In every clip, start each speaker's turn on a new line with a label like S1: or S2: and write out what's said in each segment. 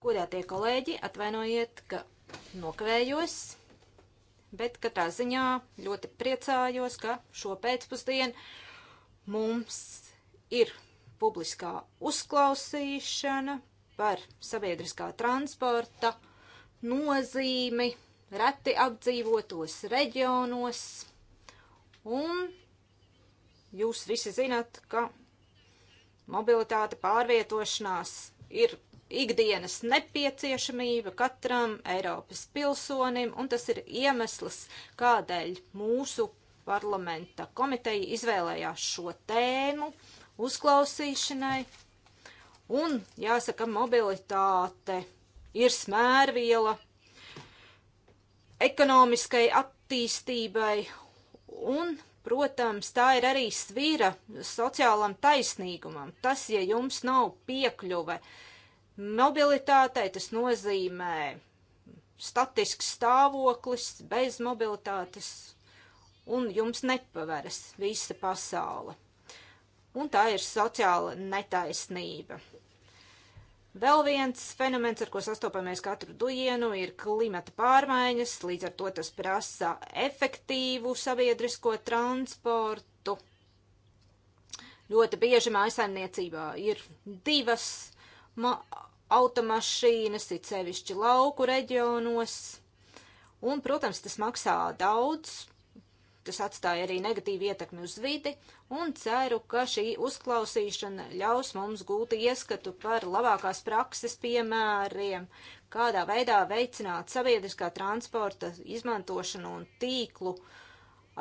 S1: Godātie kolēģi, atvainojiet, ka nokavējos, bet katrā ziņā ļoti priecājos, ka šo pēcpusdienu mums ir publiskā uzklausīšana par sabiedriskā transporta nozīmi reti apdzīvotos reģionos. Un jūs visi zināt, ka mobilitāte, pārvietošanās ir ikdienas nepieciešamība katram Eiropas pilsonim, un tas ir iemesls, kādēļ mūsu parlamenta komiteja izvēlējās šo tēmu uzklausīšanai. Un, jāsaka, mobilitāte ir smērviela ekonomiskai attīstībai un Protams, tā ir arī svīra sociālam taisnīgumam. Tas, ja jums nav piekļuve mobilitātei, tas nozīmē statisks stāvoklis bez mobilitātes, un jums nepaveras visa pasaule. Un tā ir sociāla netaisnība. Vēl viens fenomens, ar ko sastopamies katru dienu, ir klimata pārmaiņas, līdz ar to tas prasa efektīvu sabiedrisko transportu. Ļoti bieži mājasaimniecībā ir divas automašīnas, it sevišķi lauku reģionos, un, protams, tas maksā daudz, Tas atstāja arī negatīvu ietekmi uz vidi un ceru, ka šī uzklausīšana ļaus mums gūt ieskatu par labākās prakses piemēriem, kādā veidā veicināt sabiedriskā transporta izmantošanu un tīklu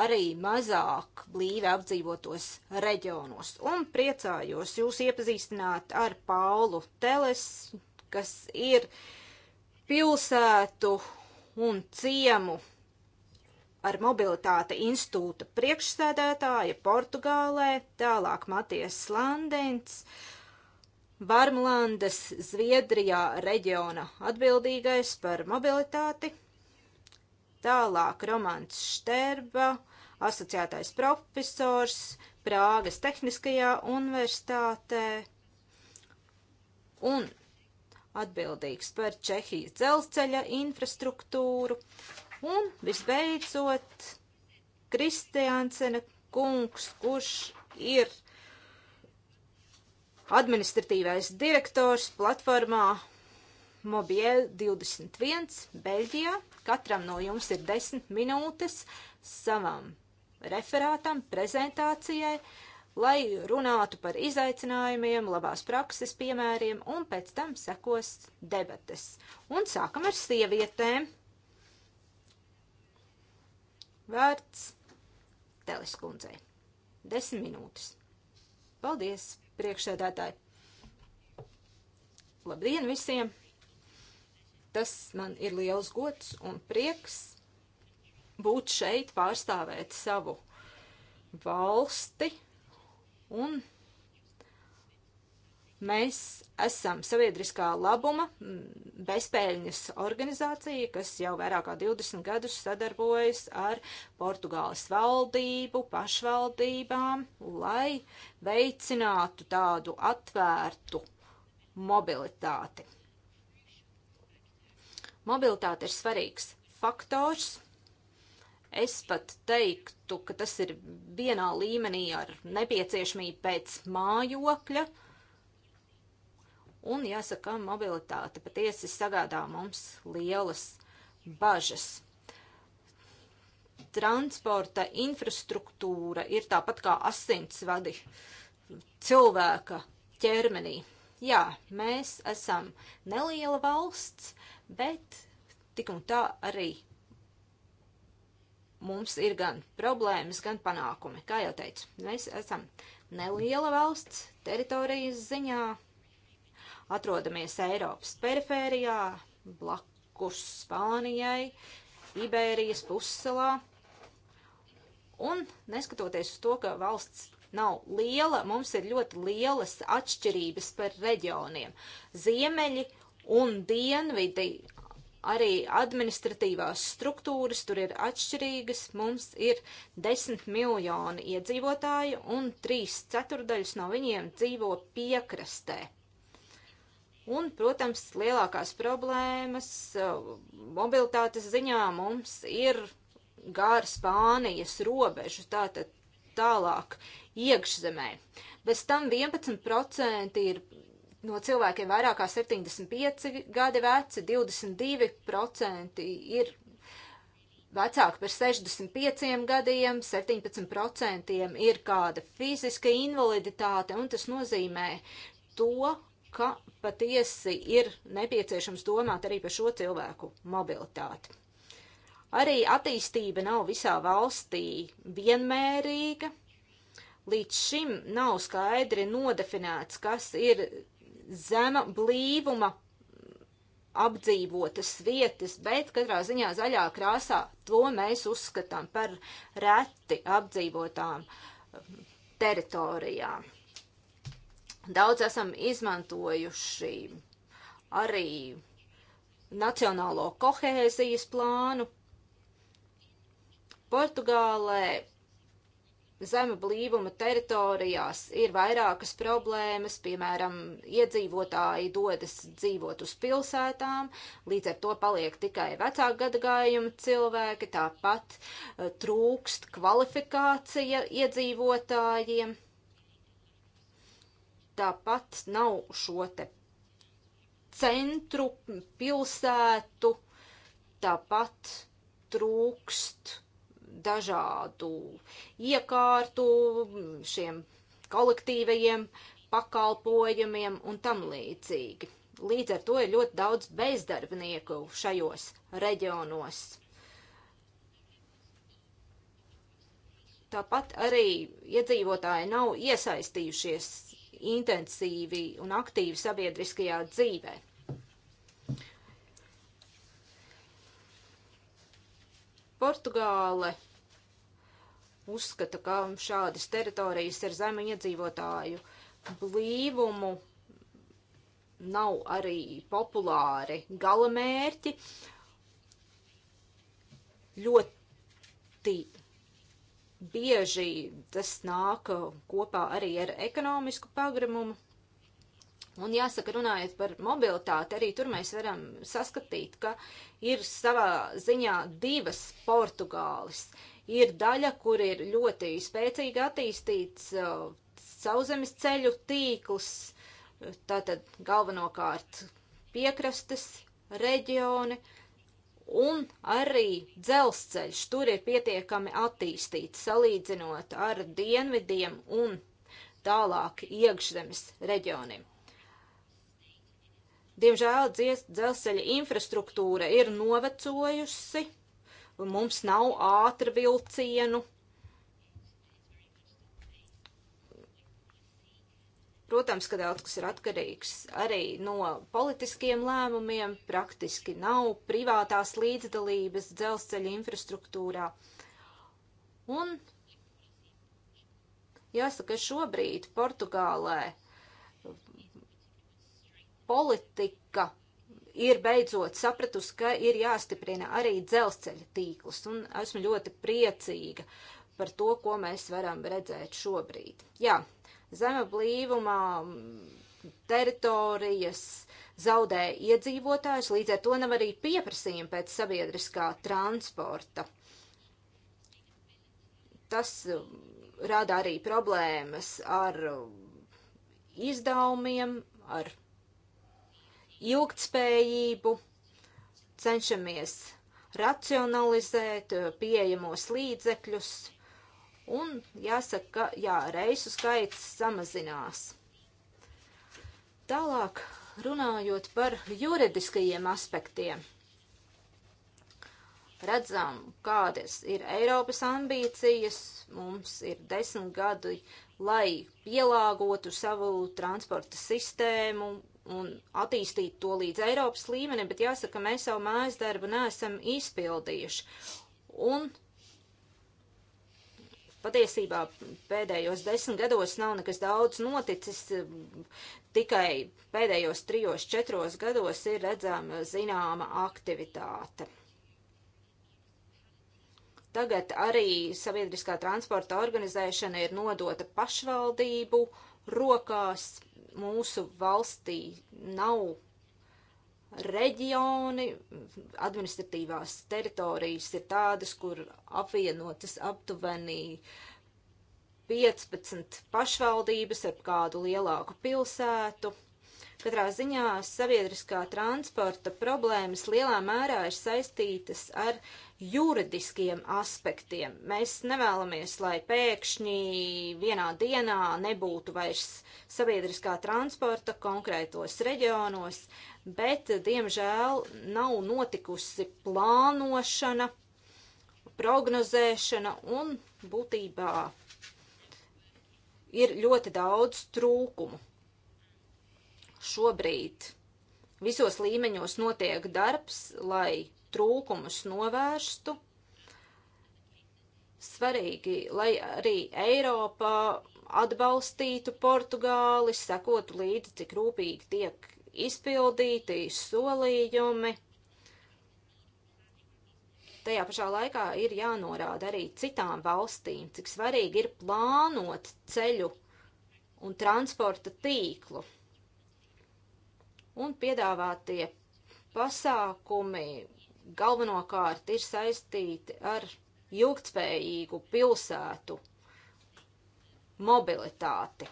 S1: arī mazāk blīvi apdzīvotos reģionos. Un priecājos jūs iepazīstināt ar Paulu Teles, kas ir pilsētu un ciemu ar mobilitāte institūta priekšsēdētāja Portugālē, tālāk Matijas Landens, Varmlandes Zviedrijā reģiona atbildīgais par mobilitāti, tālāk Romants Šterba, asociētais profesors Prāgas Tehniskajā universitātē un atbildīgs par Čehijas dzelzceļa infrastruktūru. Un visbeidzot, Kristiānsena kungs, kurš ir administratīvais direktors platformā Mobiel 21 Beļģijā. Katram no jums ir 10 minūtes savam referātam, prezentācijai, lai runātu par izaicinājumiem, labās prakses piemēriem, un pēc tam sekos debates. Un sākam ar sievietēm. Vērts teleskundzei. Desmit minūtes. Paldies, priekšsēdētāji! Labdien visiem! Tas man ir liels gods un prieks būt šeit, pārstāvēt savu valsti un Mēs esam sabiedriskā labuma bezpēļņas organizācija, kas jau vairāk kā 20 gadus sadarbojas ar Portugāles valdību, pašvaldībām, lai veicinātu tādu atvērtu mobilitāti. Mobilitāte ir svarīgs faktors. Es pat teiktu, ka tas ir vienā līmenī ar nepieciešamību pēc mājokļa, uh, Un jāsaka, mobilitāte patiesi sagādā mums lielas bažas. Transporta infrastruktūra ir tāpat kā asinsvadi cilvēka ķermenī. Jā, mēs esam neliela valsts, bet tik un tā arī mums ir gan problēmas, gan panākumi. Kā jau teicu, mēs esam neliela valsts teritorijas ziņā, atrodamies Eiropas perifērijā, blakus Spānijai, Iberijas pussalā. Un neskatoties uz to, ka valsts nav liela, mums ir ļoti lielas atšķirības par reģioniem. Ziemeļi un dienvidi arī administratīvās struktūras tur ir atšķirīgas. Mums ir desmit miljoni iedzīvotāju un trīs ceturdaļas no viņiem dzīvo piekrastē. Un, protams, lielākās problēmas uh, mobilitātes ziņā mums ir gar Spānijas robežu, tātad tālāk iekšzemē. Bez tam 11% ir no cilvēkiem vairāk kā 75 gadi veci, 22% ir vecāki par 65 gadiem, 17% ir kāda fiziska invaliditāte, un tas nozīmē to, ka patiesi ir nepieciešams domāt arī par šo cilvēku mobilitāti. Arī attīstība nav visā valstī vienmērīga. Līdz šim nav skaidri nodefinēts, kas ir zema blīvuma apdzīvotas vietas, bet katrā ziņā zaļā krāsā to mēs uzskatām par reti apdzīvotām teritorijām. Daudz esam izmantojuši arī nacionālo kohēzijas plānu. Portugālē zema blīvuma teritorijās ir vairākas problēmas, piemēram, iedzīvotāji dodas dzīvot uz pilsētām, līdz ar to paliek tikai vecāku gadagājumu cilvēki, tāpat eh, trūkst kvalifikācija iedzīvotājiem tāpat nav šo te centru, pilsētu, tāpat trūkst dažādu iekārtu šiem kolektīvajiem pakalpojumiem un tam līdzīgi. Līdz ar to ir ļoti daudz bezdarbnieku šajos reģionos. Tāpat arī iedzīvotāji nav iesaistījušies intensīvi un aktīvi sabiedriskajā dzīvē. Portugāle uzskata, ka šādas teritorijas ar zemu iedzīvotāju blīvumu nav arī populāri galamērķi. Ļoti Bieži tas nāk kopā arī ar ekonomisku pagrimumu. Un jāsaka, runājot par mobilitāti, arī tur mēs varam saskatīt, ka ir savā ziņā divas Portugāles. Ir daļa, kur ir ļoti spēcīgi attīstīts uh, sauzemes ceļu tīkls, tātad galvenokārt piekrastes reģioni, uh, Un arī dzelzceļš tur ir pietiekami attīstīts, salīdzinot ar dienvidiem un tālāk iekšzemes reģioniem. Diemžēl dzelzceļa infrastruktūra ir novecojusi, mums nav ātra vilcienu, Protams, ka daudz kas ir atkarīgs arī no politiskiem lēmumiem, praktiski nav privātās līdzdalības dzelzceļa infrastruktūrā. Un jāsaka, šobrīd Portugālē politika ir beidzot sapratusi, ka ir jāstiprina arī dzelzceļa tīklus, un esmu ļoti priecīga par to, ko mēs varam redzēt šobrīd. Jā, Zema blīvumā teritorijas zaudē iedzīvotājs, līdz ar to nav arī pieprasījuma pēc sabiedriskā transporta. Tas rada arī problēmas ar izdevumiem, ar ilgtspējību, cenšamies racionalizēt uh, pieejamos līdzekļus, Un jāsaka, ka jā, reisu skaits samazinās. Tālāk runājot par juridiskajiem aspektiem. Redzam, kādas ir Eiropas ambīcijas. Mums ir desmit gadi, lai pielāgotu savu transporta sistēmu un attīstītu to līdz Eiropas līmenim, bet jāsaka, mēs savu mājas darbu neesam izpildījuši. Un Patiesībā pēdējos desmit gados nav nekas daudz noticis, tikai pēdējos trijos, četros gados ir redzama zināma aktivitāte. Tagad arī sabiedriskā transporta organizēšana ir nodota pašvaldību rokās. Mūsu valstī nav reģioni, administratīvās teritorijas ir tādas, kur apvienotas aptuveni 15 pašvaldības ar kādu lielāku pilsētu. Katrā ziņā sabiedriskā transporta problēmas lielā mērā ir saistītas ar juridiskiem aspektiem. Mēs nevēlamies, lai pēkšņi vienā dienā nebūtu vairs sabiedriskā transporta konkrētos reģionos, bet, diemžēl, nav notikusi plānošana, prognozēšana un būtībā ir ļoti daudz trūkumu. Šobrīd visos līmeņos notiek darbs, lai trūkumus novērstu. Svarīgi, lai arī Eiropā atbalstītu Portugāli, sekotu līdzi, cik rūpīgi tiek izpildīti solījumi. Tajā pašā laikā ir jānorāda arī citām valstīm, cik svarīgi ir plānot ceļu un transporta tīklu. Un piedāvātie pasākumi galvenokārt ir saistīti ar ilgtspējīgu pilsētu mobilitāti.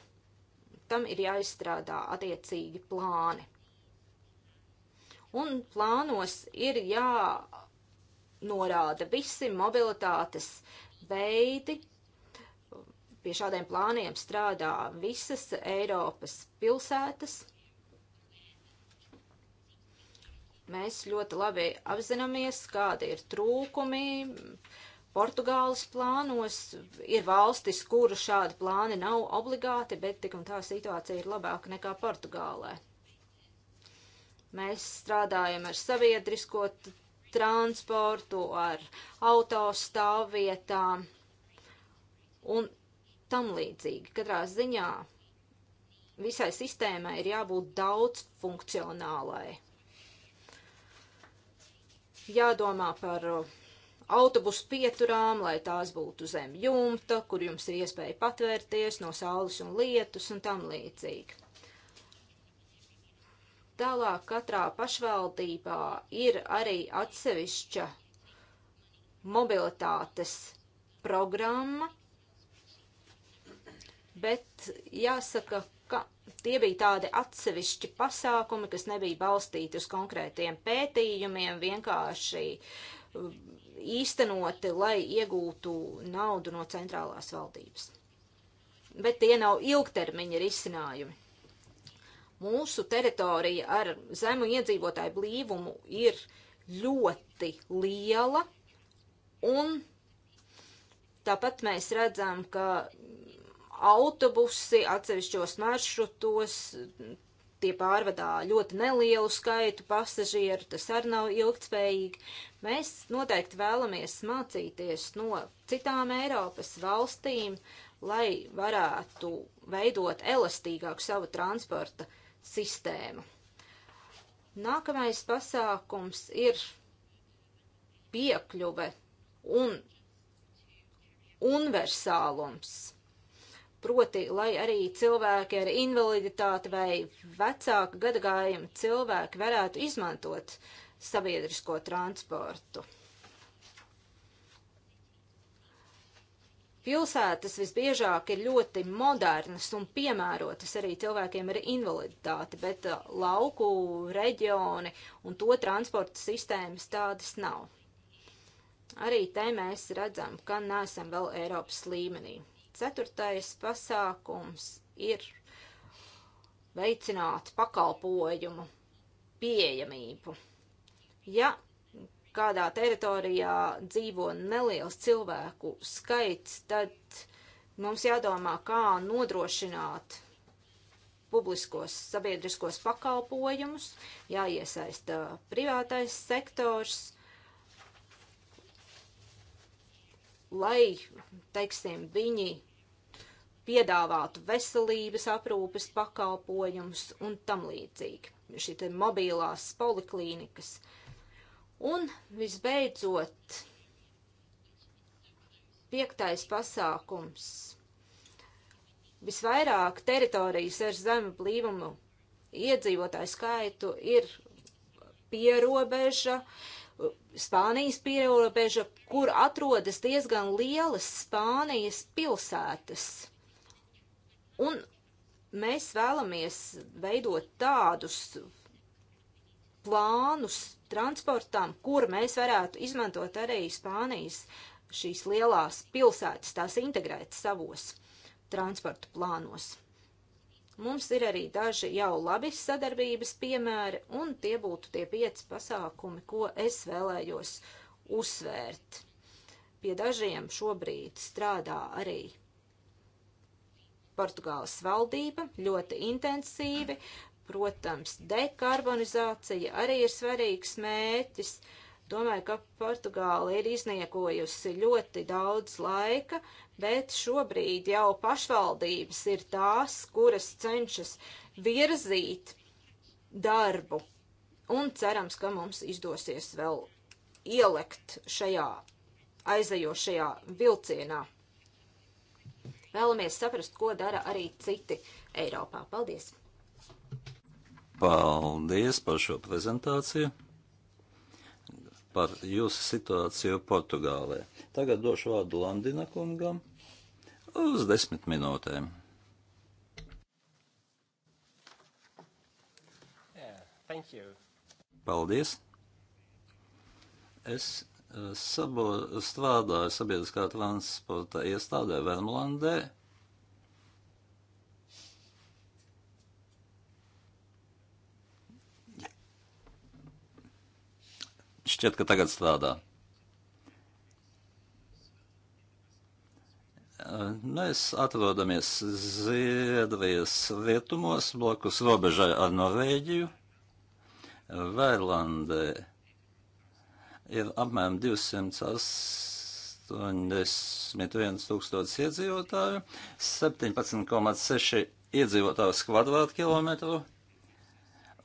S1: Tam ir jāizstrādā attiecīgi plāni un plānos ir jānorāda visi mobilitātes veidi. Pie šādiem plāniem strādā visas Eiropas pilsētas. Mēs ļoti labi apzināmies, kādi ir trūkumi, Portugāles plānos. Ir valstis, kuru šādi plāni nav obligāti, bet tik un tā situācija ir labāka nekā Portugālē. Mēs strādājam ar sabiedrisko transportu, ar autostāvvietām un tam līdzīgi. Katrā ziņā visai sistēmai ir jābūt daudz funkcionālai. Jādomā par uh, autobusu pieturām, lai tās būtu zem jumta, kur jums ir iespēja patvērties no saules un lietus un tam līdzīgi. Tālāk katrā pašvaldībā ir arī atsevišķa mobilitātes programma, bet jāsaka, ka tie bija tādi atsevišķi pasākumi, kas nebija balstīti uz konkrētiem pētījumiem, vienkārši um, īstenoti, lai iegūtu naudu no centrālās valdības. Bet tie nav ilgtermiņa risinājumi. Mūsu teritorija ar zemu iedzīvotāju blīvumu ir ļoti liela, un tāpat mēs redzam, ka autobusi atsevišķos maršrutos tie pārvadā ļoti nelielu skaitu pasažieru, tas arī nav ilgtspējīgi. Mēs noteikti vēlamies mācīties no citām Eiropas valstīm, lai varētu veidot elastīgāku savu transporta sistēmu. Nākamais pasākums ir piekļuve un universālums. Proti, lai arī cilvēki ar invaliditāti vai vecāku gadagājumu cilvēki varētu izmantot sabiedrisko transportu. Pilsētas visbiežāk ir ļoti modernas un piemērotas arī cilvēkiem ar invaliditāti, bet uh, lauku reģioni un to transporta sistēmas tādas nav. Arī te mēs redzam, ka neesam vēl Eiropas līmenī. Ceturtais pasākums ir veicināt pakalpojumu pieejamību. Ja kādā teritorijā dzīvo neliels cilvēku skaits, tad mums jādomā, kā nodrošināt publiskos sabiedriskos pakalpojumus, jāiesaista privātais sektors, lai, teiksim, viņi piedāvātu veselības aprūpes pakalpojumus un tam līdzīgi. Šī te mobilās poliklīnikas uh, Un visbeidzot, piektais pasākums. Visvairāk teritorijas ar zemu blīvumu iedzīvotāju skaitu ir pierobeža, Spānijas pierobeža, kur atrodas diezgan lielas Spānijas pilsētas. Un mēs vēlamies veidot tādus plānus transportam, kur mēs varētu izmantot arī Spānijas šīs lielās pilsētas, tās integrēt savos transportu plānos. Mums ir arī daži jau labi sadarbības piemēri, un tie būtu tie pieci pasākumi, ko es vēlējos uzsvērt. Pie dažiem šobrīd strādā arī Portugāles valdība ļoti intensīvi, Protams, dekarbonizācija arī ir svarīgs mērķis. Domāju, ka Portugāla ir izniekojusi ļoti daudz laika, bet šobrīd jau pašvaldības ir tās, kuras cenšas virzīt darbu. Un cerams, ka mums izdosies vēl ielikt šajā aizejošajā vilcienā. Vēlamies saprast, ko dara arī citi Eiropā. Paldies!
S2: Paldies par šo prezentāciju, par jūsu situāciju Portugālē. Tagad došu vārdu Landina kungam uz desmit minūtēm. Yeah, Paldies! Es eh, sabo, strādāju sabiedriskā transporta iestādē Vermlandē Šķiet, ka tagad strādā. Mēs atrodamies Ziedvijas rietumos, blokus robežai ar Norvēģiju. Vērlandē ir apmēram 281 tūkstotis iedzīvotāju, 17,6 iedzīvotājus kvadrātkilometru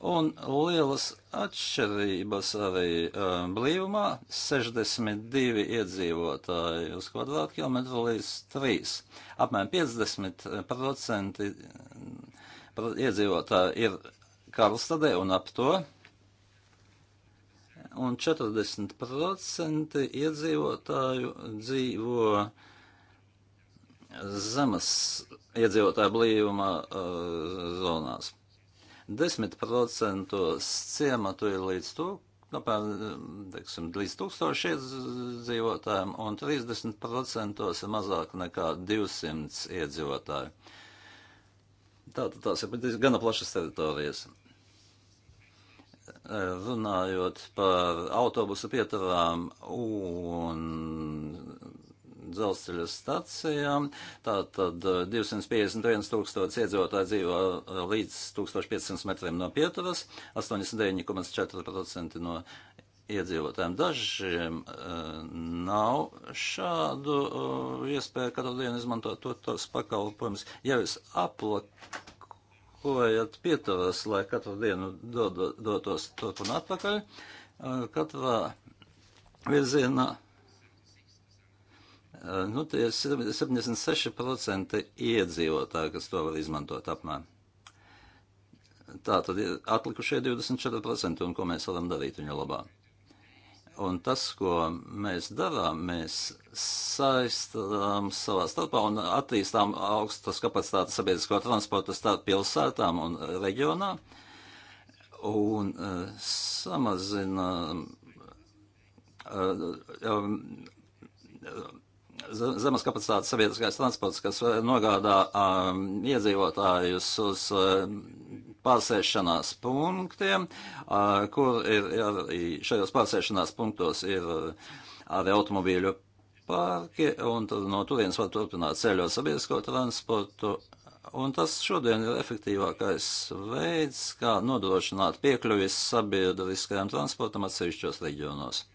S2: un lielas atšķirības arī um, blīvumā - 62 iedzīvotāji uz kvadrātkilometru līdz 3. Apmēram 50% e, iedzīvotāji ir Karlstadē un ap to, un 40% iedzīvotāju dzīvo zemes iedzīvotāju blīvuma uh, zonās. 10% ciematu ir līdz to, apmēram nu, teiksim, līdz 1000 iedzīvotājiem, un 30% ir mazāk nekā 200 iedzīvotāji. Tātad tās ir gana plašas teritorijas. Runājot par autobusu pieturām un dzelzceļa stacijām. Tātad 251 eh, tūkstoši iedzīvotāji dzīvo eh, līdz 1500 metriem no pietuvas, 89,4% no iedzīvotājiem. Dažiem uh, nav šādu uh, iespēju katru dienu izmantot to, tos pakalpojumus. Ja jūs aplakojat pietuvas, lai katru dienu dodos do, turp un atpakaļ, uh, katrā virzienā Eh, nu, tie 76% iedzīvotāji, kas to var izmantot apmēram. Tā tad ir atlikušie 24%, un ko mēs varam darīt viņa labā. Un tas, ko mēs darām, mēs saistām savā starpā un attīstām augstas kapacitātes sabiedrisko transportu starp pilsētām un reģionā, un uh, samazinām uh, uh, uh, zemes kapacitātes sabiedriskais transports, kas eh, nogādā um, iedzīvotājus uz um, pārsēšanās punktiem, uh, kur ir arī šajos pārsēšanās punktos ir uh, arī automobīļu parki, un tad no turienes var turpināt ceļot sabiedrisko transportu. Un tas šodien ir efektīvākais veids, kā nodrošināt piekļuvis sabiedriskajam transportam atsevišķos reģionos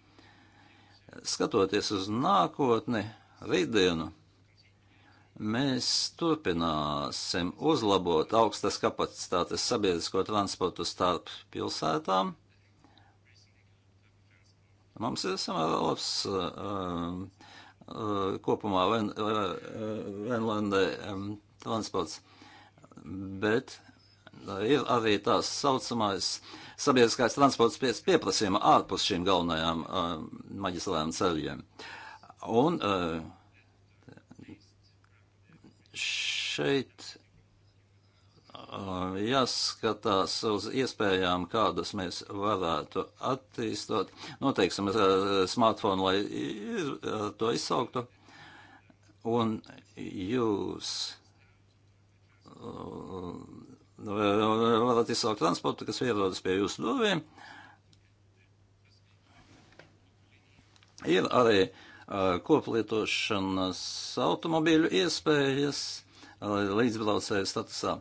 S2: skatoties uz nākotni, rītdienu mēs turpināsim uzlabot augstas kapacitātes sabiedrisko transportu starp pilsētām. Mums ir samērā labs uh, uh, kopumā Ven, uh, Venlandē um, transports, bet ir arī tās saucamais sabiedriskais transports pēc pieprasījuma ārpus šīm galvenajām uh, maģistrālajām ceļiem. Uh, Un uh, šeit uh, jāskatās uz iespējām, kādas mēs varētu attīstot. Noteiksim uh, smartphone, lai to izsauktu. Un jūs varat izsaukt transportu, kas ierodas pie jūsu durvīm. Ir arī uh, koplietošanas automobīļu iespējas līdzbraucēju statusā.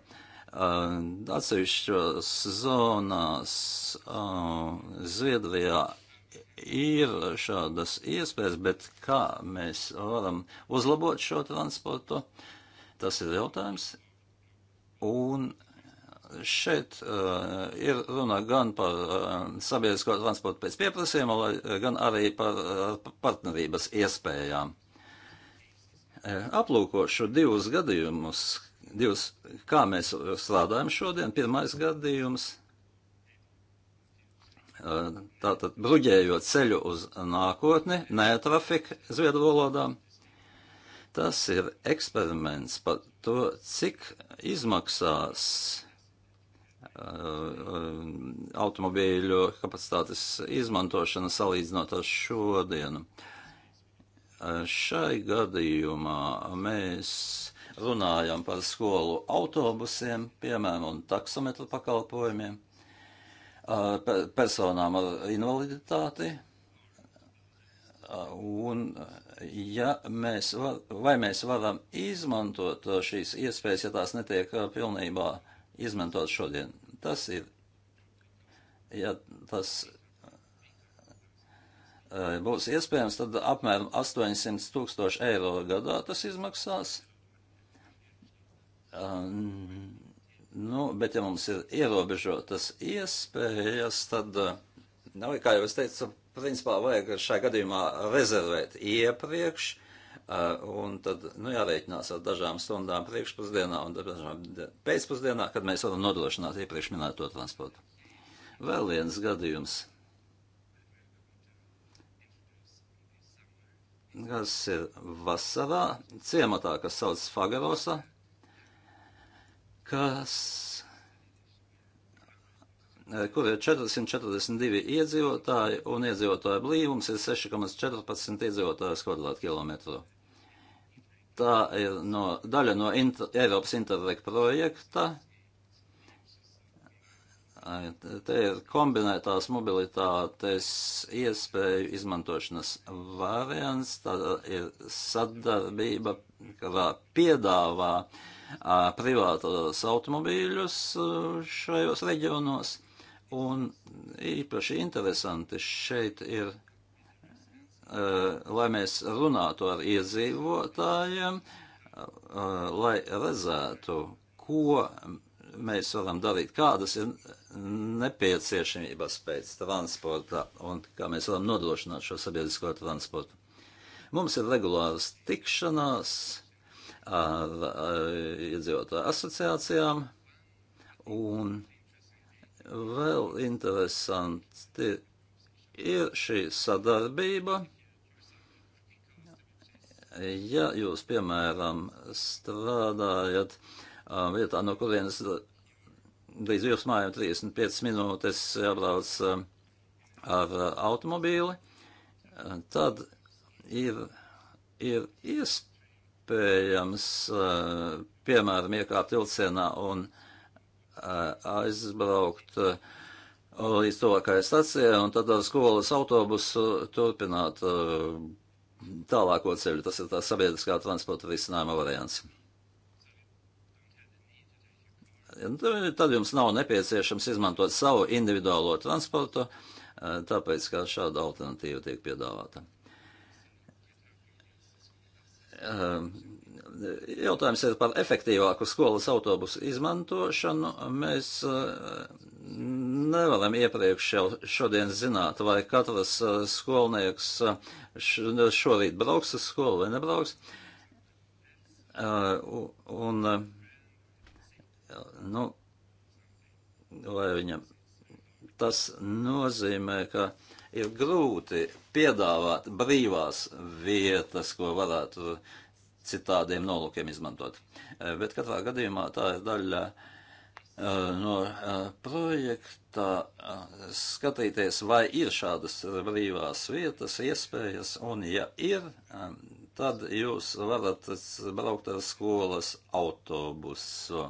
S2: Atsevišķos zonās Zviedrijā ir šādas iespējas, bet kā mēs varam uzlabot šo transportu, tas ir jautājums. Un šeit uh, ir runa gan par uh, sabiedrisko transportu pēc pieprasījuma, lai, eh, gan arī par uh, partnerības iespējām. Uh, aplūkošu divus gadījumus, divus, kā mēs strādājam šodien. Pirmais gadījums uh, - tātad bruģējot ceļu uz nākotni, nē trafika zviedru valodā. Tas ir eksperiments par to, cik izmaksās Uh, uh, automobīļu kapacitātes izmantošana salīdzinot ar šodienu. Uh, šai gadījumā mēs runājam par skolu autobusiem, piemēram, un taksometru pakalpojumiem, personām ar invaliditāti, un ja mēs var, vai mēs varam izmantot šīs iespējas, ja tās netiek pilnībā izmantot šodien. Tas ir, ja tas eh, būs iespējams, tad apmēram 800 tūkstoši eiro gadā tas izmaksās. Um, nu, bet ja mums ir ierobežotas iespējas, tad, eh, nu, kā jau es teicu, principā vajag šajā gadījumā rezervēt iepriekš, Uh, un tad nu, jārēķinās ar dažām stundām priekšpusdienā un dažām pēcpusdienā, kad mēs varam nodrošināt iepriekš minēto transportu. Vēl viens gadījums, kas ir vasarā, ciematā, kas sauc Fagarosa, kas eh, kur ir 442 iedzīvotāji, un iedzīvotāju blīvums ir 6,14 iedzīvotājs kvadrātkilometru. Tā ir no, daļa no inter, Eiropas Interreg projekta. Te ir kombinētās mobilitātes iespēju izmantošanas variants, tā ir sadarbība, kurā piedāvā a, privātos automobīļus šajos reģionos, un īpaši interesanti šeit ir Eh, lai mēs runātu ar iedzīvotājiem, eh, lai redzētu, ko mēs varam darīt, kādas ir nepieciešamības pēc transporta un kā mēs varam nodrošināt šo sabiedrisko transportu. Mums ir regulāras tikšanās ar, ar eh, iedzīvotāju asociācijām un vēl interesanti ir šī sadarbība. Ja jūs, piemēram, strādājat vietā, no kurienes līdz jūsu mājām 35 minūtes jābrauc ar automobīli, tad ir, ir iespējams, piemēram, iekāpt vilcienā un aizbraukt uh, līdz tuvākajai stacijai, un tad ar skolas autobusu turpināt eh, tālāko ceļu. Tas ir tā sabiedriskā transporta risinājuma variants. Nu, tad jums nav nepieciešams izmantot savu individuālo transportu, eh, tāpēc, ka šāda alternatīva tiek piedāvāta. Eh, jautājums ir par efektīvāku skolas autobusu izmantošanu. Mēs nevaram iepriekš jau šodien zināt, vai katrs skolnieks nu, šorīt brauks uz skolu vai nebrauks. Un, nu, lai viņam tas nozīmē, ka ir grūti piedāvāt brīvās vietas, ko varētu citādiem nolūkiem izmantot. Bet katrā gadījumā tā ir daļa uh, no projekta skatīties, vai ir šādas brīvās vietas, iespējas, un ja ir, tad jūs varat braukt ar skolas autobusu,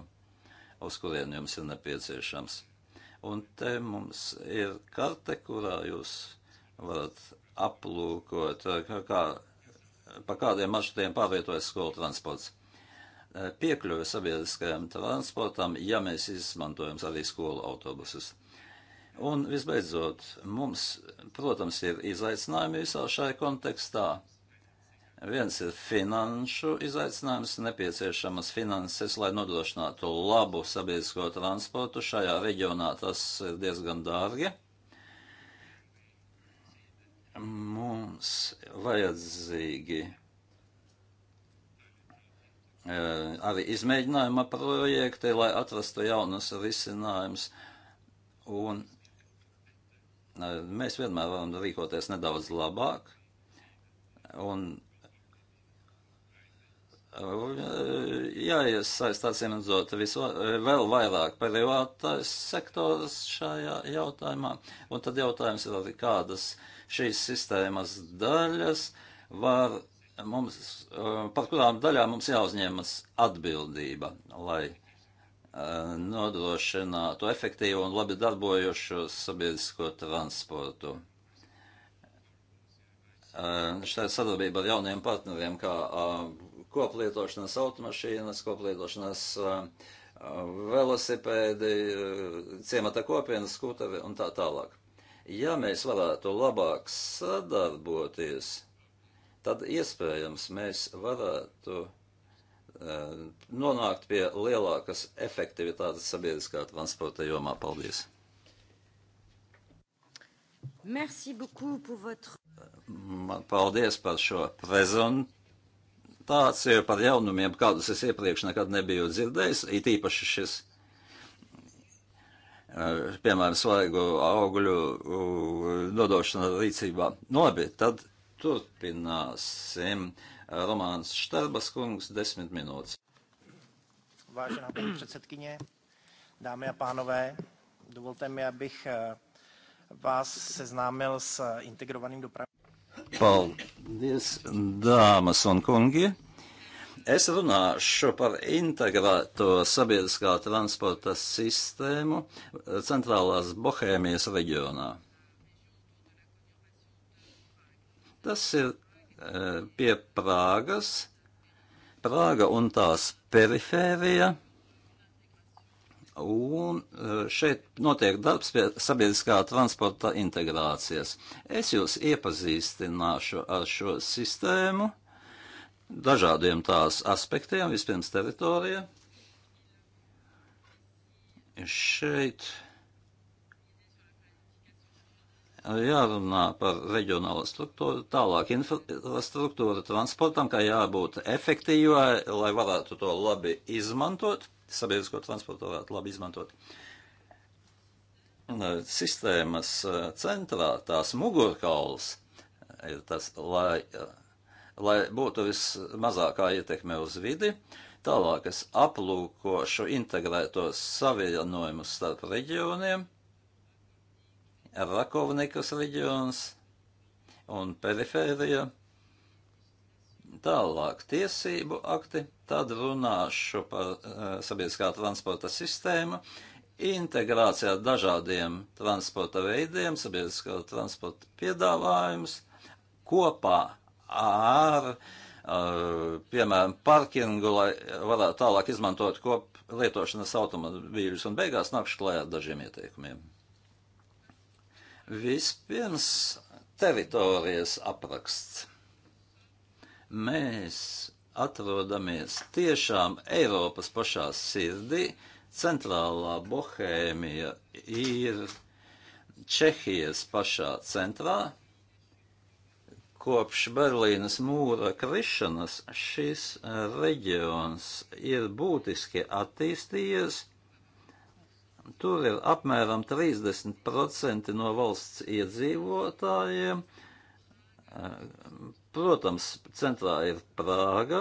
S2: uz kurien jums ir nepieciešams. Un te mums ir karte, kurā jūs varat aplūkot, kā, pa kādiem maršrutiem pārvietojas skolu transports. Eh, piekļuve sabiedriskajam transportam, ja mēs izmantojam arī skolu autobusus. Un visbeidzot, mums, protams, ir izaicinājumi visā šai kontekstā. Viens ir finanšu izaicinājums, nepieciešamas finanses, lai nodrošinātu labu sabiedrisko transportu. Šajā reģionā tas ir diezgan dārgi. Mums vajadzīgi E, arī izmēģinājuma projekti, lai atrastu jaunus risinājumus. Un e, mēs vienmēr varam rīkoties nedaudz labāk. Un e, jāiesaistās, iemazot visu, vēl vairāk privātais sektors šajā jautājumā. Un tad jautājums ir arī, kādas šīs sistēmas daļas var mums, eh, par kurām daļām mums jāuzņemas atbildība, lai eh, nodrošinātu efektīvu un labi darbojošu sabiedrisko transportu. Eh, Šai sadarbība ar jauniem partneriem, kā koplietošanas automašīnas, koplietošanas velosipēdi, ciemata kopienas skuteri un tā tālāk. Ja mēs varētu labāk sadarboties, tad iespējams mēs varētu uh, nonākt pie lielākas efektivitātes sabiedriskā transporta jomā. Paldies!
S3: Merci beaucoup pour votre.
S2: Man paldies par šo prezentāciju, par jaunumiem, kādus es iepriekš nekad nebiju dzirdējis, it īpaši šis eh, piemēram, svaigu augļu eh, nodošana rīcībā. Labi, tad Turpināsim. Romāns Štarbas kungs, desmit minūtes.
S3: Vážená paní předsedkyně, dámy a pánové, dovolte mi, abych eh, vás seznámil s integrovaným dopravním.
S2: Paldies, dāmas un kungi. Es runāšu par integrēto sabiedriskā transporta sistēmu centrālās Bohēmijas reģionā. Tas ir e, pie Prāgas. Prāga un tās perifērija. Un e, šeit notiek darbs pie sabiedriskā transporta integrācijas. Es jūs iepazīstināšu ar šo sistēmu, dažādiem tās aspektiem, vispirms teritorija. Šeit jārunā par reģionālo struktūru, tālāk infrastruktūra transportam, kā jābūt efektīvai, lai varētu to labi izmantot, sabiedrisko transportu varētu labi izmantot. Eh, sistēmas eh, centrā tās mugurkauls eh, ir tas, lai, lai būtu vismazākā ietekme uz vidi. Tālāk es aplūkošu integrētos savienojumus starp reģioniem – Rakovnikas reģions un perifērija. Tālāk tiesību akti, tad runāšu par uh, sabiedriskā transporta sistēmu, integrācijā dažādiem transporta veidiem, sabiedriskā transporta piedāvājums kopā ar, uh, piemēram, parkingu, lai varētu tālāk izmantot kop lietošanas automobīļus un beigās nākšu klājā ar dažiem ieteikumiem. Vispirms teritorijas apraksts. Mēs atrodamies tiešām Eiropas pašā sirdī. Centrālā Bohēmija ir Čehijas pašā centrā. Kopš Berlīnas mūra krišanas šis reģions ir būtiski attīstījies Tur ir apmēram 30% no valsts iedzīvotājiem. Protams, centrā ir Prāga,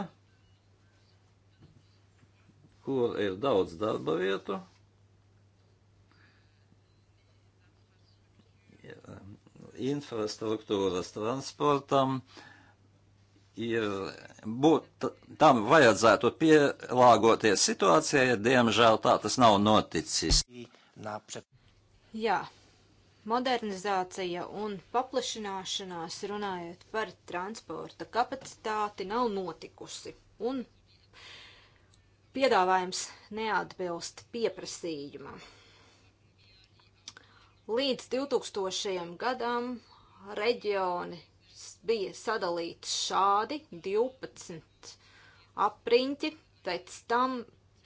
S2: kur ir daudz darba vietu. Infrastruktūras transportam, uh, ir, būt, tam vajadzētu pielāgoties situācijai, ja diemžēl tā tas nav noticis.
S1: Jā, modernizācija un paplašināšanās runājot par transporta kapacitāti nav notikusi. Un piedāvājums neatbilst pieprasījumam. Līdz 2000. gadam reģioni bija sadalīts šādi 12 apriņķi, pēc tam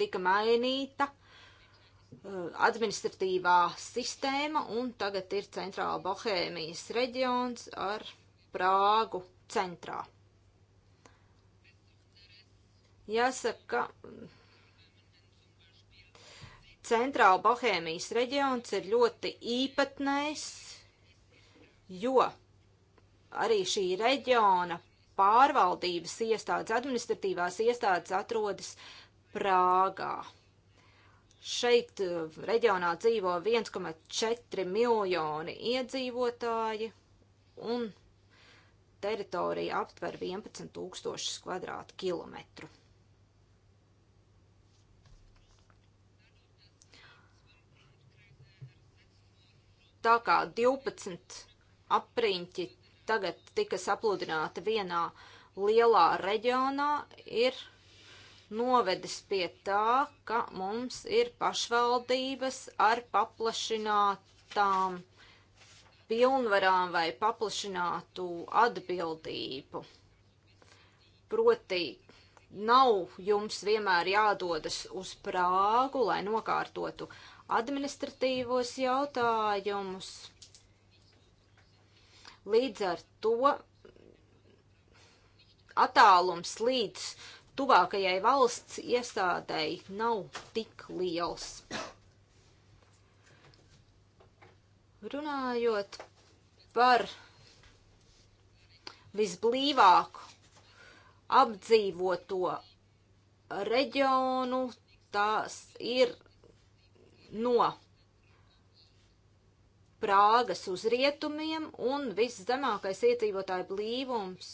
S1: tika mainīta eh, administratīvā sistēma, un tagad ir centrāla Bohēmijas reģions ar Prāgu centrā. Jāsaka, centrāla Bohēmijas reģions ir ļoti īpatnējs, jo arī šī reģiona pārvaldības iestādes, administratīvās iestādes atrodas Prāgā. Šeit eh, reģionā dzīvo 1,4 miljoni iedzīvotāji un teritorija aptver 11 tūkstošus kvadrātkilometru. Tā kā 12 apriņķi tagad tika sapludināti vienā lielā reģionā, ir novedis pie tā, ka mums ir pašvaldības ar paplašinātām pilnvarām vai paplašinātu atbildību. Proti, nav jums vienmēr jādodas uz Prāgu, lai nokārtotu administratīvos jautājumus, Līdz ar to attālums līdz tuvākajai valsts iestādēji nav tik liels. Runājot par visblīvāku apdzīvoto reģionu, tās ir no Prāgas uz rietumiem un viszemākais iedzīvotāju blīvums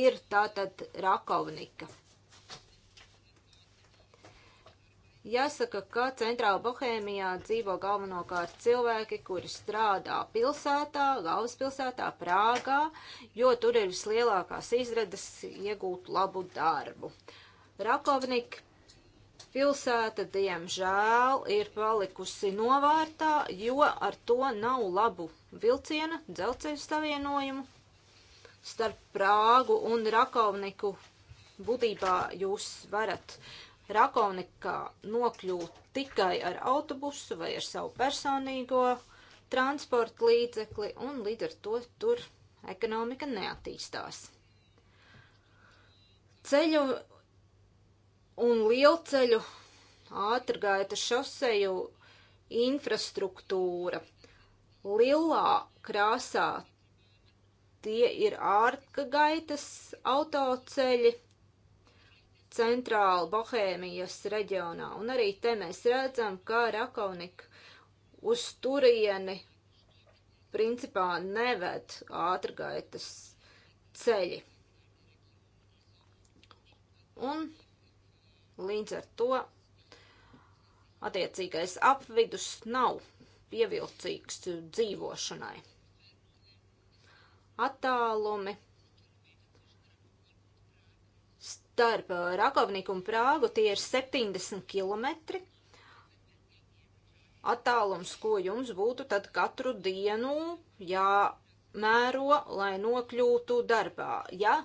S1: ir tātad Rakovnika. Jāsaka, ka centrāla Bohēmijā dzīvo galvenokārt cilvēki, kuri strādā pilsētā, galvaspilsētā, Prāgā, jo tur ir vislielākās izredzes iegūt labu darbu. Rakovnik pilsēta, diemžēl, ir palikusi novārtā, jo ar to nav labu vilciena dzelceļu savienojumu. Starp Prāgu un Rakovniku būtībā jūs varat Rakovnikā nokļūt tikai ar autobusu vai ar savu personīgo transporta līdzekli, un līdz ar to tur ekonomika neattīstās. Ceļu un lielceļu ātrgaita šoseju infrastruktūra. Lilā krāsā tie ir ārkagaitas autoceļi centrāla Bohēmijas reģionā. Un arī te mēs redzam, ka Rakaunika uz turieni principā neved ātrgaitas ceļi. Un Līdz ar to attiecīgais apvidus nav pievilcīgs dzīvošanai. Attālumi starp Rakovniku un Prāgu tie ir 70 km. Attālums, ko jums būtu tad katru dienu jāmēro, lai nokļūtu darbā. Ja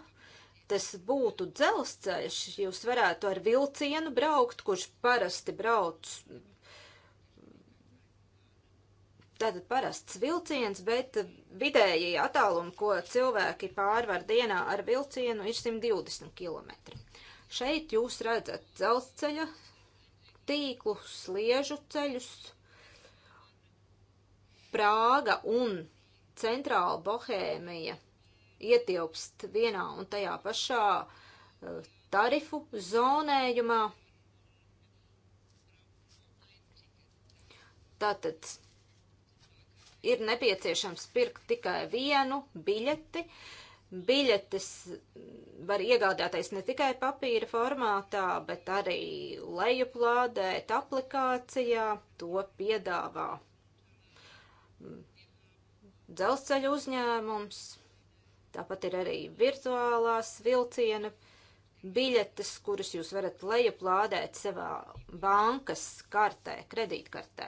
S1: tas būtu dzelzceļš, jūs varētu ar vilcienu braukt, kurš parasti brauc. Tātad parasts vilciens, bet vidējie attālumi, ko cilvēki pārvar dienā ar vilcienu, ir 120 km. Šeit jūs redzat dzelzceļa tīklu, sliežu ceļus, Prāga un centrāla Bohēmija – ietilpst vienā un tajā pašā eh, tarifu zonējumā. Tātad ir nepieciešams pirkt tikai vienu biļeti. Biļetes var iegādāties ne tikai papīra formātā, bet arī lejuplādēt aplikācijā. To piedāvā mm. dzelzceļa uzņēmums. Tāpat ir arī virtuālās vilciena biļetes, kuras jūs varat lejuplādēt savā bankas kartē, kredītkartē.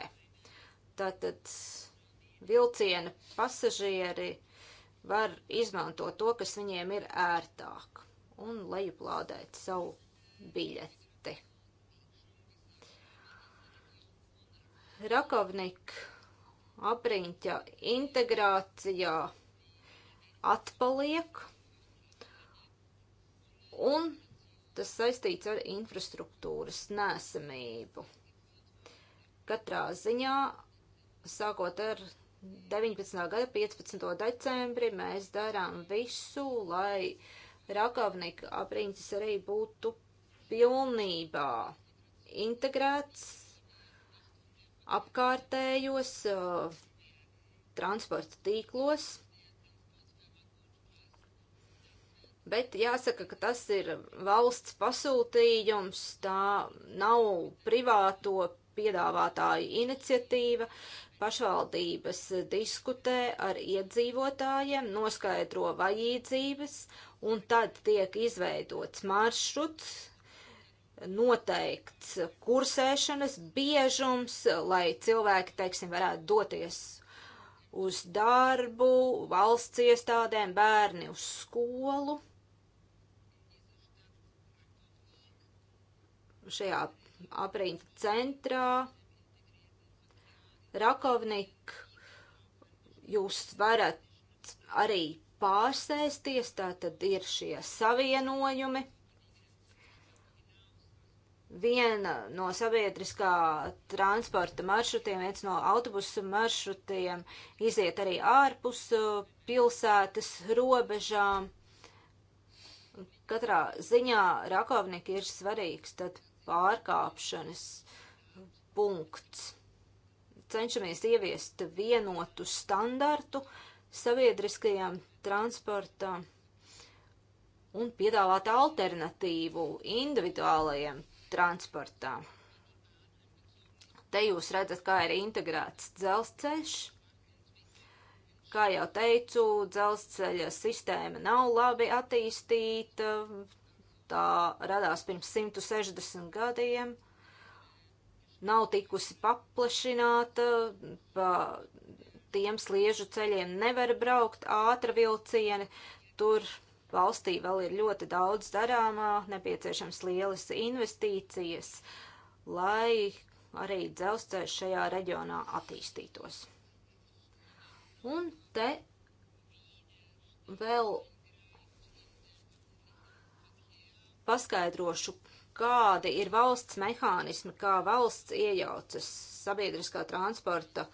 S1: Tātad vilciena pasažieri var izmantot to, kas viņiem ir ērtāk, un lejuplādēt savu biļeti. Rakovnik apriņķa integrācijā atpaliek, un tas saistīts ar infrastruktūras nesamību. Katrā ziņā, sākot ar 19. gada 15. decembri, mēs darām visu, lai rakavnika apriņķis arī būtu pilnībā integrēts apkārtējos uh, transporta tīklos. bet jāsaka, ka tas ir valsts pasūtījums, tā nav privāto piedāvātāju iniciatīva. Pašvaldības diskutē ar iedzīvotājiem, noskaidro vajadzības, un tad tiek izveidots maršruts, noteikts kursēšanas biežums, lai cilvēki, teiksim, varētu doties uz darbu, valsts iestādēm, bērni uz skolu. šajā apriņķa centrā. Rakovnik, jūs varat arī pārsēsties, tā tad ir šie savienojumi. Viena no sabiedriskā transporta maršrutiem, viens no autobusu maršrutiem iziet arī ārpus uh, pilsētas robežām. Katrā ziņā rakovnieki ir svarīgs, tad pārkāpšanas punkts. Cenšamies ieviest vienotu standartu sabiedriskajām transporta un piedāvāt alternatīvu individuālajiem transportām. Te jūs redzat, kā ir integrēts dzelzceļš. Kā jau teicu, dzelzceļa sistēma nav labi attīstīta, tā radās pirms 160 gadiem, nav tikusi paplašināta, pa tiem sliežu ceļiem nevar braukt ātra vilcieni, tur valstī vēl ir ļoti daudz darāmā, nepieciešams lielas investīcijas, lai arī dzelzceļš šajā reģionā attīstītos. Un te vēl paskaidrošu, kādi ir valsts mehānismi, kā valsts iejaucas sabiedriskā transporta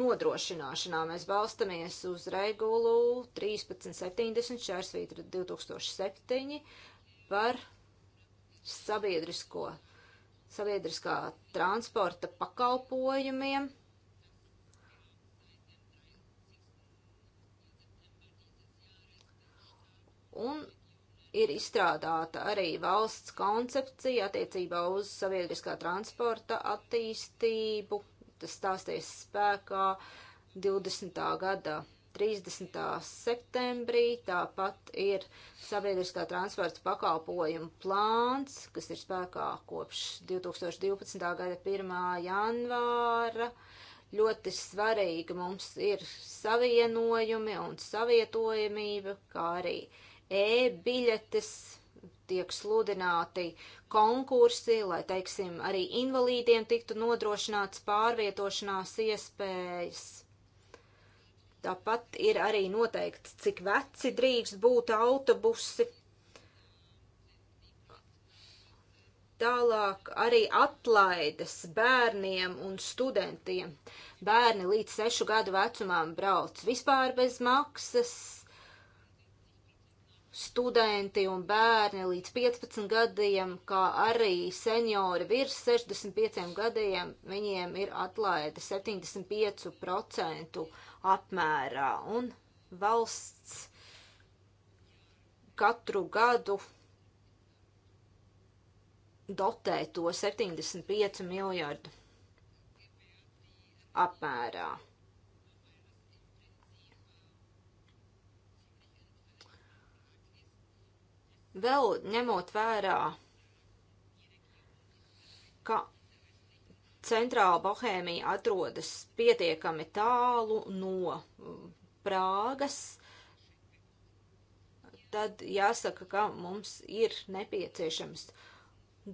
S1: nodrošināšanā. Mēs balstamies uz regulu 1370 šērsvītra 2007 par sabiedrisko, sabiedriskā transporta pakalpojumiem. Un ir izstrādāta arī valsts koncepcija attiecībā uz sabiedriskā transporta attīstību. Tas stāsties spēkā 20. gada 30. septembrī. Tāpat ir sabiedriskā transporta pakalpojumu plāns, kas ir spēkā kopš 2012. gada 1. janvāra ļoti svarīga mums ir savienojumi un savietojamība, kā arī e-biļetes, tiek sludināti konkursi, lai, teiksim, arī invalīdiem tiktu nodrošināts pārvietošanās iespējas. Tāpat ir arī noteikts, cik veci drīkst būt autobusi. Tālāk arī atlaides bērniem un studentiem. Bērni līdz sešu gadu vecumam brauc vispār bez maksas, studenti un bērni līdz 15 gadiem, kā arī seniori virs 65 gadiem, viņiem ir atlaide 75% apmērā. Un valsts katru gadu dotē to 75 miljardu apmērā. Vēl ņemot vērā, ka centrāla Bohēmija atrodas pietiekami tālu no mm, Prāgas, tad jāsaka, ka mums ir nepieciešams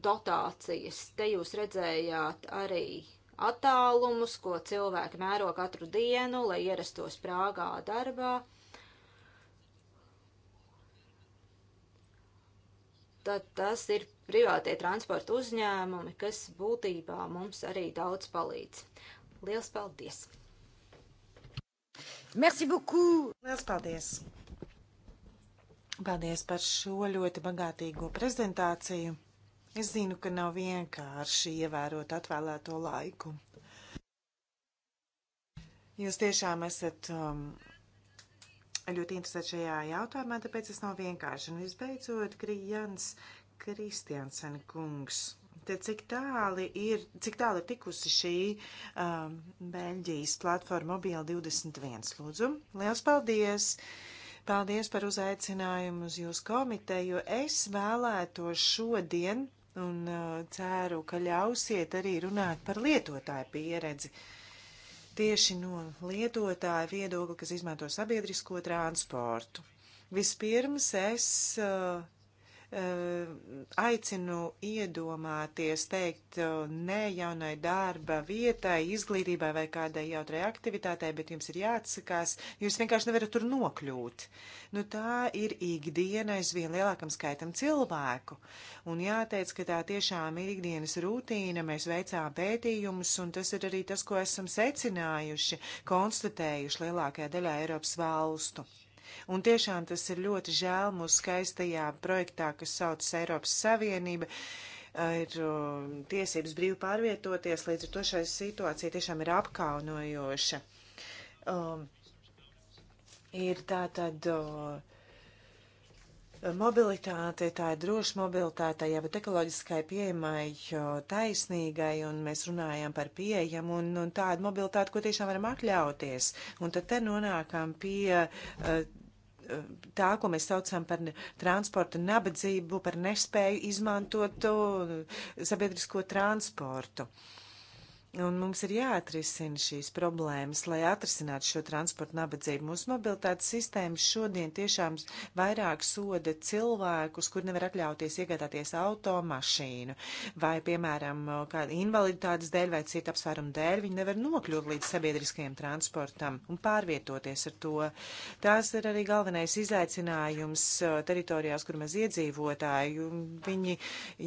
S1: dotācijas. Te jūs redzējāt arī attālumus, ko cilvēki mēro katru dienu, lai ierastos Prāgā darbā. tad tas ir privātie transporta uzņēmumi, kas būtībā mums arī daudz palīdz. Lielas paldies!
S3: Merci beaucoup! Lielas paldies! Paldies par šo ļoti bagātīgo prezentāciju. Es zinu, ka nav vienkārši ievērot atvēlēto laiku. Jūs tiešām esat um, ļoti interesēta šajā jautājumā, tāpēc tas nav vienkārši. Un visbeidzot, Grijans Kristiansen kungs. Te cik tāli ir, cik tāli ir tikusi šī um, Beļģijas platforma Mobila 21? Lūdzu, liels paldies! Paldies par uzaicinājumu uz jūsu komiteju. Es vēlētos šodien un uh, ceru, ka ļausiet arī runāt par lietotāju pieredzi. Uh, tieši no lietotāja viedokļa, kas izmanto sabiedrisko transportu. Vispirms es uh, Eh, aicinu iedomāties, teikt eh, ne jaunai darba vietai, izglītībai vai kādai jautrai aktivitātei, bet jums ir jāatsakās, jūs vienkārši nevarat tur nokļūt. Nu, tā ir ikdiena aizvien lielākam skaitam cilvēku. Un jāteic, ka tā tiešām ir ikdienas rutīna, mēs veicām pētījumus, un tas ir arī tas, ko esam secinājuši, konstatējuši lielākajā daļā Eiropas valstu. Un tiešām tas ir ļoti žēl mūsu skaistajā projektā, kas saucas Eiropas Savienība, ir tiesības brīvi pārvietoties, līdz ar to šai situācija tiešām ir apkaunojoša. Um, ir tā tad. Uh, mobilitāte, tā ir droša mobilitāte, jābūt ekoloģiskai, pieejamai, taisnīgai, un mēs runājam par pieejamu un, un tādu mobilitāti, ko tiešām varam atļauties. Un tad te nonākam pie eh, tā, ko mēs saucam par transporta nabadzību, par nespēju izmantot eh, sabiedrisko transportu. Uh, Un mums ir jāatrisina šīs problēmas, lai atrisinātu šo transportu nabadzību. Mūsu mobilitātes sistēmas šodien tiešām vairāk soda cilvēkus, kur nevar atļauties iegādāties automašīnu, vai, piemēram, kāda invaliditātes dēļ vai cita apsvēruma dēļ, viņi nevar nokļūt līdz sabiedriskajam transportam un pārvietoties ar to. Tās ir arī galvenais izaicinājums teritorijās, kur maz iedzīvotāju. Viņi,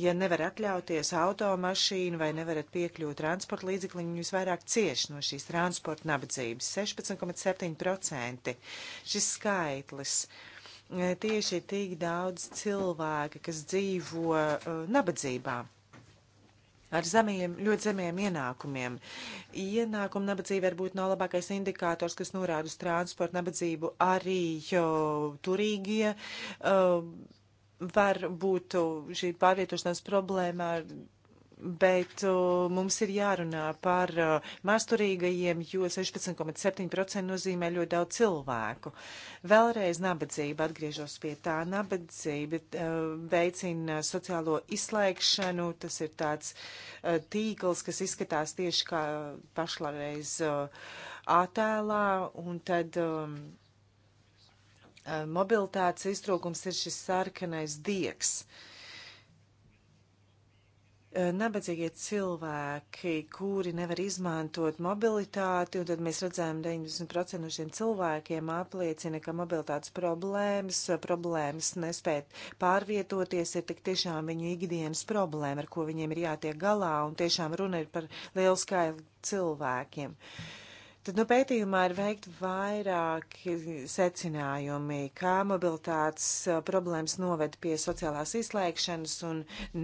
S3: ja nevar atļauties automašīnu vai nevarat piekļūt transporta līdzekļu, līdzekļiem visvairāk cieš no šīs transporta nabadzības - 16,7%. Šis skaitlis e, tieši ir tik daudz cilvēki, kas dzīvo uh, nabadzībā. Ar zemiem, ļoti zemiem ienākumiem. Ienākuma nabadzība varbūt nav labākais indikators, kas norāda uz transportu nabadzību. Arī jo, turīgie uh, var būt šī pārvietošanās problēma ar Bet uh, mums ir jārunā par uh, masturīgajiem, jo 16,7% nozīmē ļoti daudz cilvēku. Vēlreiz nabadzība, atgriežos pie tā, nabadzība uh, veicina sociālo izslēgšanu. Tas ir tāds uh, tīkls, kas izskatās tieši kā pašlareiz uh, attēlā. Un tad um, uh, mobilitātes iztrūkums ir šis sarkanais diegs. Uh, Eh, nabadzīgie cilvēki, kuri nevar izmantot mobilitāti, un tad mēs redzējām, 90% no šiem cilvēkiem apliecina, ka mobilitātes problēmas, eh, problēmas nespēt pārvietoties, ir tik tiešām viņu ikdienas problēma, ar ko viņiem ir jātiek galā, un tiešām runa ir par lielu skaitu cilvēkiem. Uh, Tad no nu, pētījumā ir veikti vairāki secinājumi, kā mobilitātes problēmas noved pie sociālās izslēgšanas un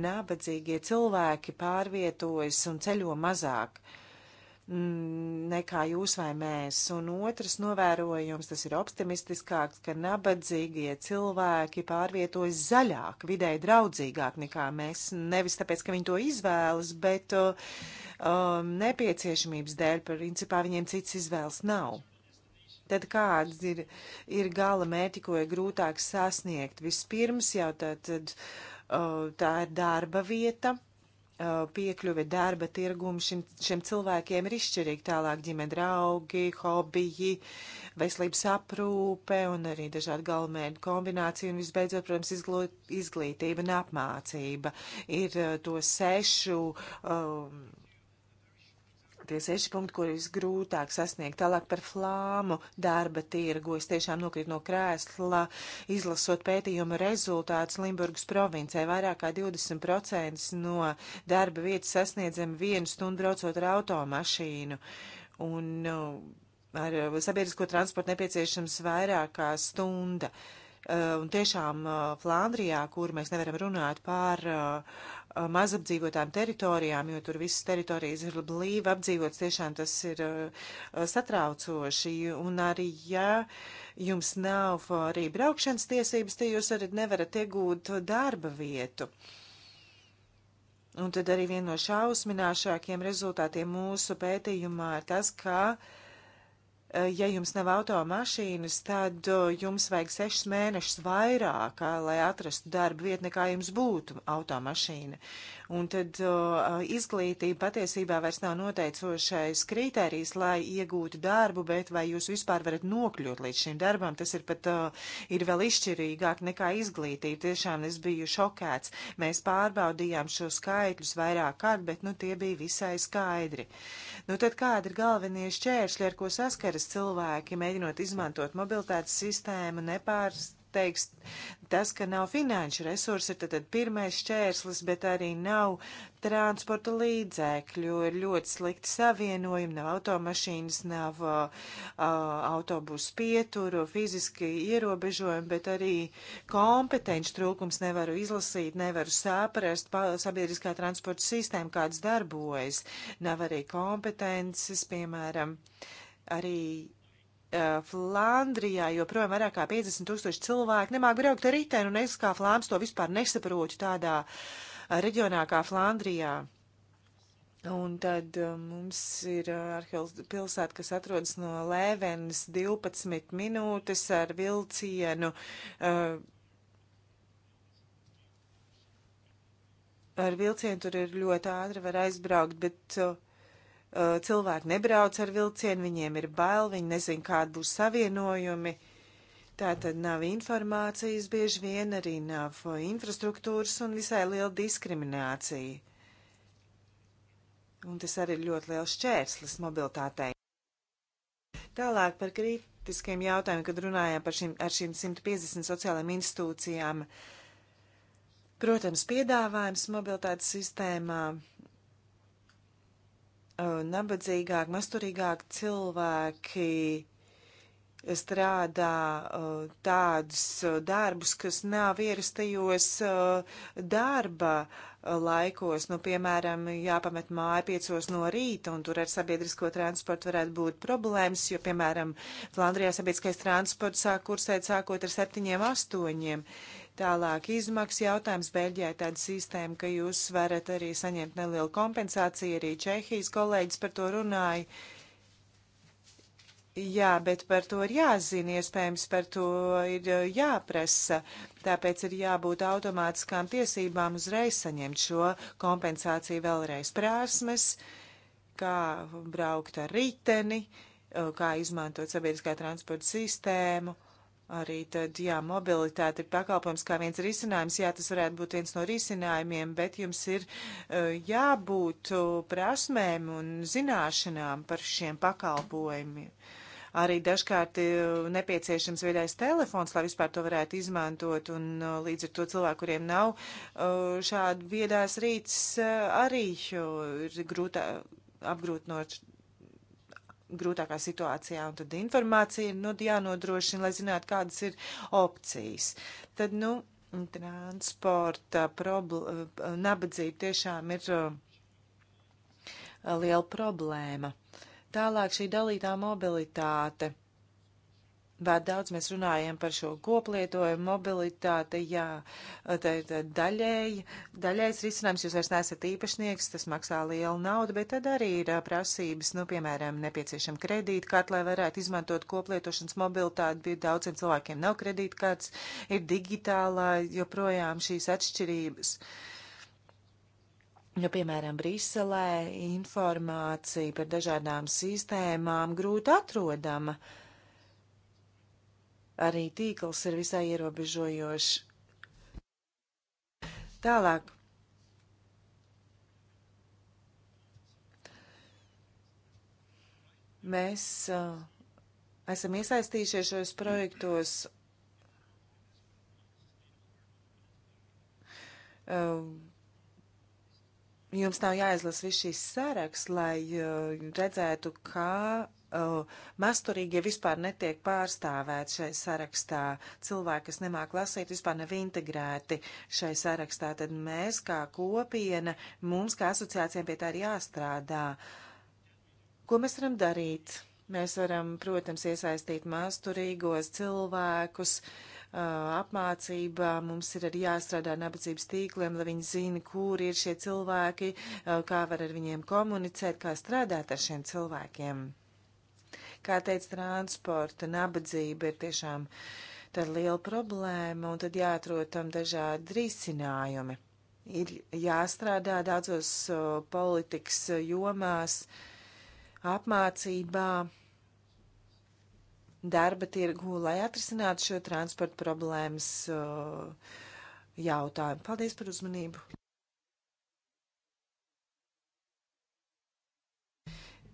S3: nabadzīgie cilvēki pārvietojas un ceļo mazāk mm, nekā jūs vai mēs. Un otrs novērojums, tas ir optimistiskāks, ka nabadzīgie cilvēki pārvietojas zaļāk, vidē draudzīgāk nekā mēs. Nevis tāpēc, ka viņi to izvēlas, bet uh, um, nepieciešamības dēļ, principā viņiem cits izvēles nav. Tad kāds ir, ir gala mērķi, ko ir grūtāk sasniegt? Vispirms jau tad, tad uh, tā ir darba vieta, uh, piekļuve darba tirgumu šim, šiem cilvēkiem ir izšķirīgi tālāk ģimene draugi, hobiji, veselības aprūpe un arī dažādi galvenmērķi kombinācija un visbeidzot, protams, izglot, izglītība un apmācība. Ir uh, to sešu um, Tie seši punkti, kur visgrūtāk sasniegt tālāk par flāmu darba tirgu, es tiešām nokrītu no krēsla, izlasot pētījumu rezultātus Limburgas provincē. Vairāk kā 20% no darba vietas sasniedzam vienu stundu braucot ar automašīnu. Un nu, ar sabiedrisko transportu nepieciešams vairāk kā stunda. Uh, un tiešām uh, Flandrijā, kur mēs nevaram runāt par uh, Uh, mazapdzīvotām teritorijām, jo tur visas teritorijas ir blīvi apdzīvotas, tiešām tas ir uh, uh, satraucoši. Un arī, ja jums nav arī braukšanas tiesības, tie jūs arī nevarat iegūt darba vietu. Un tad arī viena no šausmināšākiem rezultātiem mūsu pētījumā ir tas, ka uh, Eh, ja jums nav automašīnas, tad eh, jums vajag sešus mēnešus vairāk, eh, lai atrastu darbu vietu, nekā jums būtu automašīna. Un tad izglītība patiesībā vairs nav noteicošais kriterijs, lai iegūtu darbu, bet vai jūs vispār varat nokļūt līdz šim darbam, tas ir pat ir vēl izšķirīgāk nekā izglītība. Tiešām es biju šokēts. Mēs pārbaudījām šo skaitļus vairāk kārt, bet nu tie bija visai skaidri. Nu tad kādi ir galvenie šķēršļi, ar ko saskaras? Eiropas cilvēki, mēģinot izmantot mobilitātes sistēmu, nepārsteigs tas, ka nav finanšu resursi, tad, tad pirmais šķērslis, bet arī nav transporta līdzēkļu, ir ļoti slikti savienojumi, nav automašīnas, nav uh, uh, autobusu pieturu, fiziski ierobežojumi, bet arī kompetenci trūkums nevaru izlasīt, nevaru saprast pa, sabiedriskā transporta sistēma, kāds darbojas, nav arī kompetences, piemēram, uh, Arī uh, Flandrijā joprojām vairāk kā 50 tūkstoši cilvēku nemāk braukt ar riteni, un es kā flāms to vispār nesaprotu tādā eh, reģionā kā Flandrijā. Un tad um, mums ir arheoloģija pilsēta, kas atrodas no Lēvenes 12 minūtes ar vilcienu. Uh, ar vilcienu tur ir ļoti ātri var aizbraukt, bet uh, Eh, cilvēki nebrauc ar vilcienu, viņiem ir bail, viņi nezin, kāda būs savienojumi. Tā tad nav informācijas, bieži vien arī nav infrastruktūras un visai liela diskriminācija. Un tas arī ir ļoti liels šķērslis mobilitātei. Tālāk par kritiskiem jautājumiem, kad runājām par šīm, ar šīm 150 sociālajām institūcijām. Protams, piedāvājums mobilitātes sistēmā Uh, nabadzīgāk, masturīgāk cilvēki strādā uh, tādus uh, darbus, kas nav ierastajos darba laikos. Nu, piemēram, jāpamet māja piecos no rīta, un tur ar sabiedrisko transportu varētu būt problēmas, jo, piemēram, Flandrijā sabiedriskais transports sāk kursēt sākot ar septiņiem, astoņiem. Uh, Tālāk izmaksas jautājums Beļģijai tāda sistēma, ka jūs varat arī saņemt nelielu kompensāciju, arī Čehijas kolēģis par to runāja. Jā, bet par to ir jāzina, iespējams, par to ir uh, jāpresa, tāpēc ir jābūt automātiskām tiesībām uzreiz saņemt šo kompensāciju vēlreiz prāsmes, kā braukt ar riteni, uh, kā izmantot sabiedriskā transporta sistēmu. Uh, Arī tad, jā, mobilitāte ir pakalpojums kā viens risinājums. Jā, tas varētu būt viens no risinājumiem, bet jums ir eh, jābūt uh, prasmēm un zināšanām par šiem pakalpojumiem. Arī dažkārt uh, nepieciešams viedais telefons, lai vispār to varētu izmantot, un uh, līdz ar to cilvēku, kuriem nav šāda viedās rīts, arī ir grūti apgrūtinot grūtākā situācijā, un tad informācija ir nu, jānodrošina, lai zinātu, kādas ir opcijas. Tad, nu, transporta problēma, nabadzība tiešām ir uh, liela problēma. Tālāk šī dalītā mobilitāte Bet daudz mēs runājam par šo koplietojumu, mobilitāti, jā, tā ir daļēji, daļējs risinājums, jūs vairs neesat īpašnieks, tas maksā lielu naudu, bet tad arī ir prasības, nu, piemēram, nepieciešama kredītkarte, lai varētu izmantot koplietošanas mobilitāti, bija daudziem cilvēkiem nav kredītkartes, ir digitālā, joprojām šīs atšķirības. Jo, nu, piemēram, Briselē informācija par dažādām sistēmām grūti atrodama. Uh, arī tīkls ir visai ierobežojošs. Tālāk. Mēs uh, esam iesaistījušies šajos projektos. Uh, jums nav jāizlas viss šīs saraksts, lai uh, redzētu, kā uh, masturīgie vispār netiek pārstāvēti šai sarakstā. Cilvēki, kas nemāk lasīt, vispār nav integrēti šai sarakstā. Tad mēs kā kopiena, mums kā asociācijām pie tā ir jāstrādā. Ko mēs varam darīt? Mēs varam, protams, iesaistīt masturīgos cilvēkus. Uh, apmācībā, mums ir arī jāstrādā nabadzības tīkliem, lai viņi zina, kur ir šie cilvēki, uh, kā var ar viņiem komunicēt, kā strādāt ar šiem cilvēkiem. Kā teica transporta, nabadzība ir tiešām tad liela problēma, un tad jāatrod tam dažādi risinājumi. Ir jāstrādā daudzos politikas jomās, apmācībā, darba tirgu, lai atrisinātu šo transporta problēmas jautājumu. Paldies par uzmanību!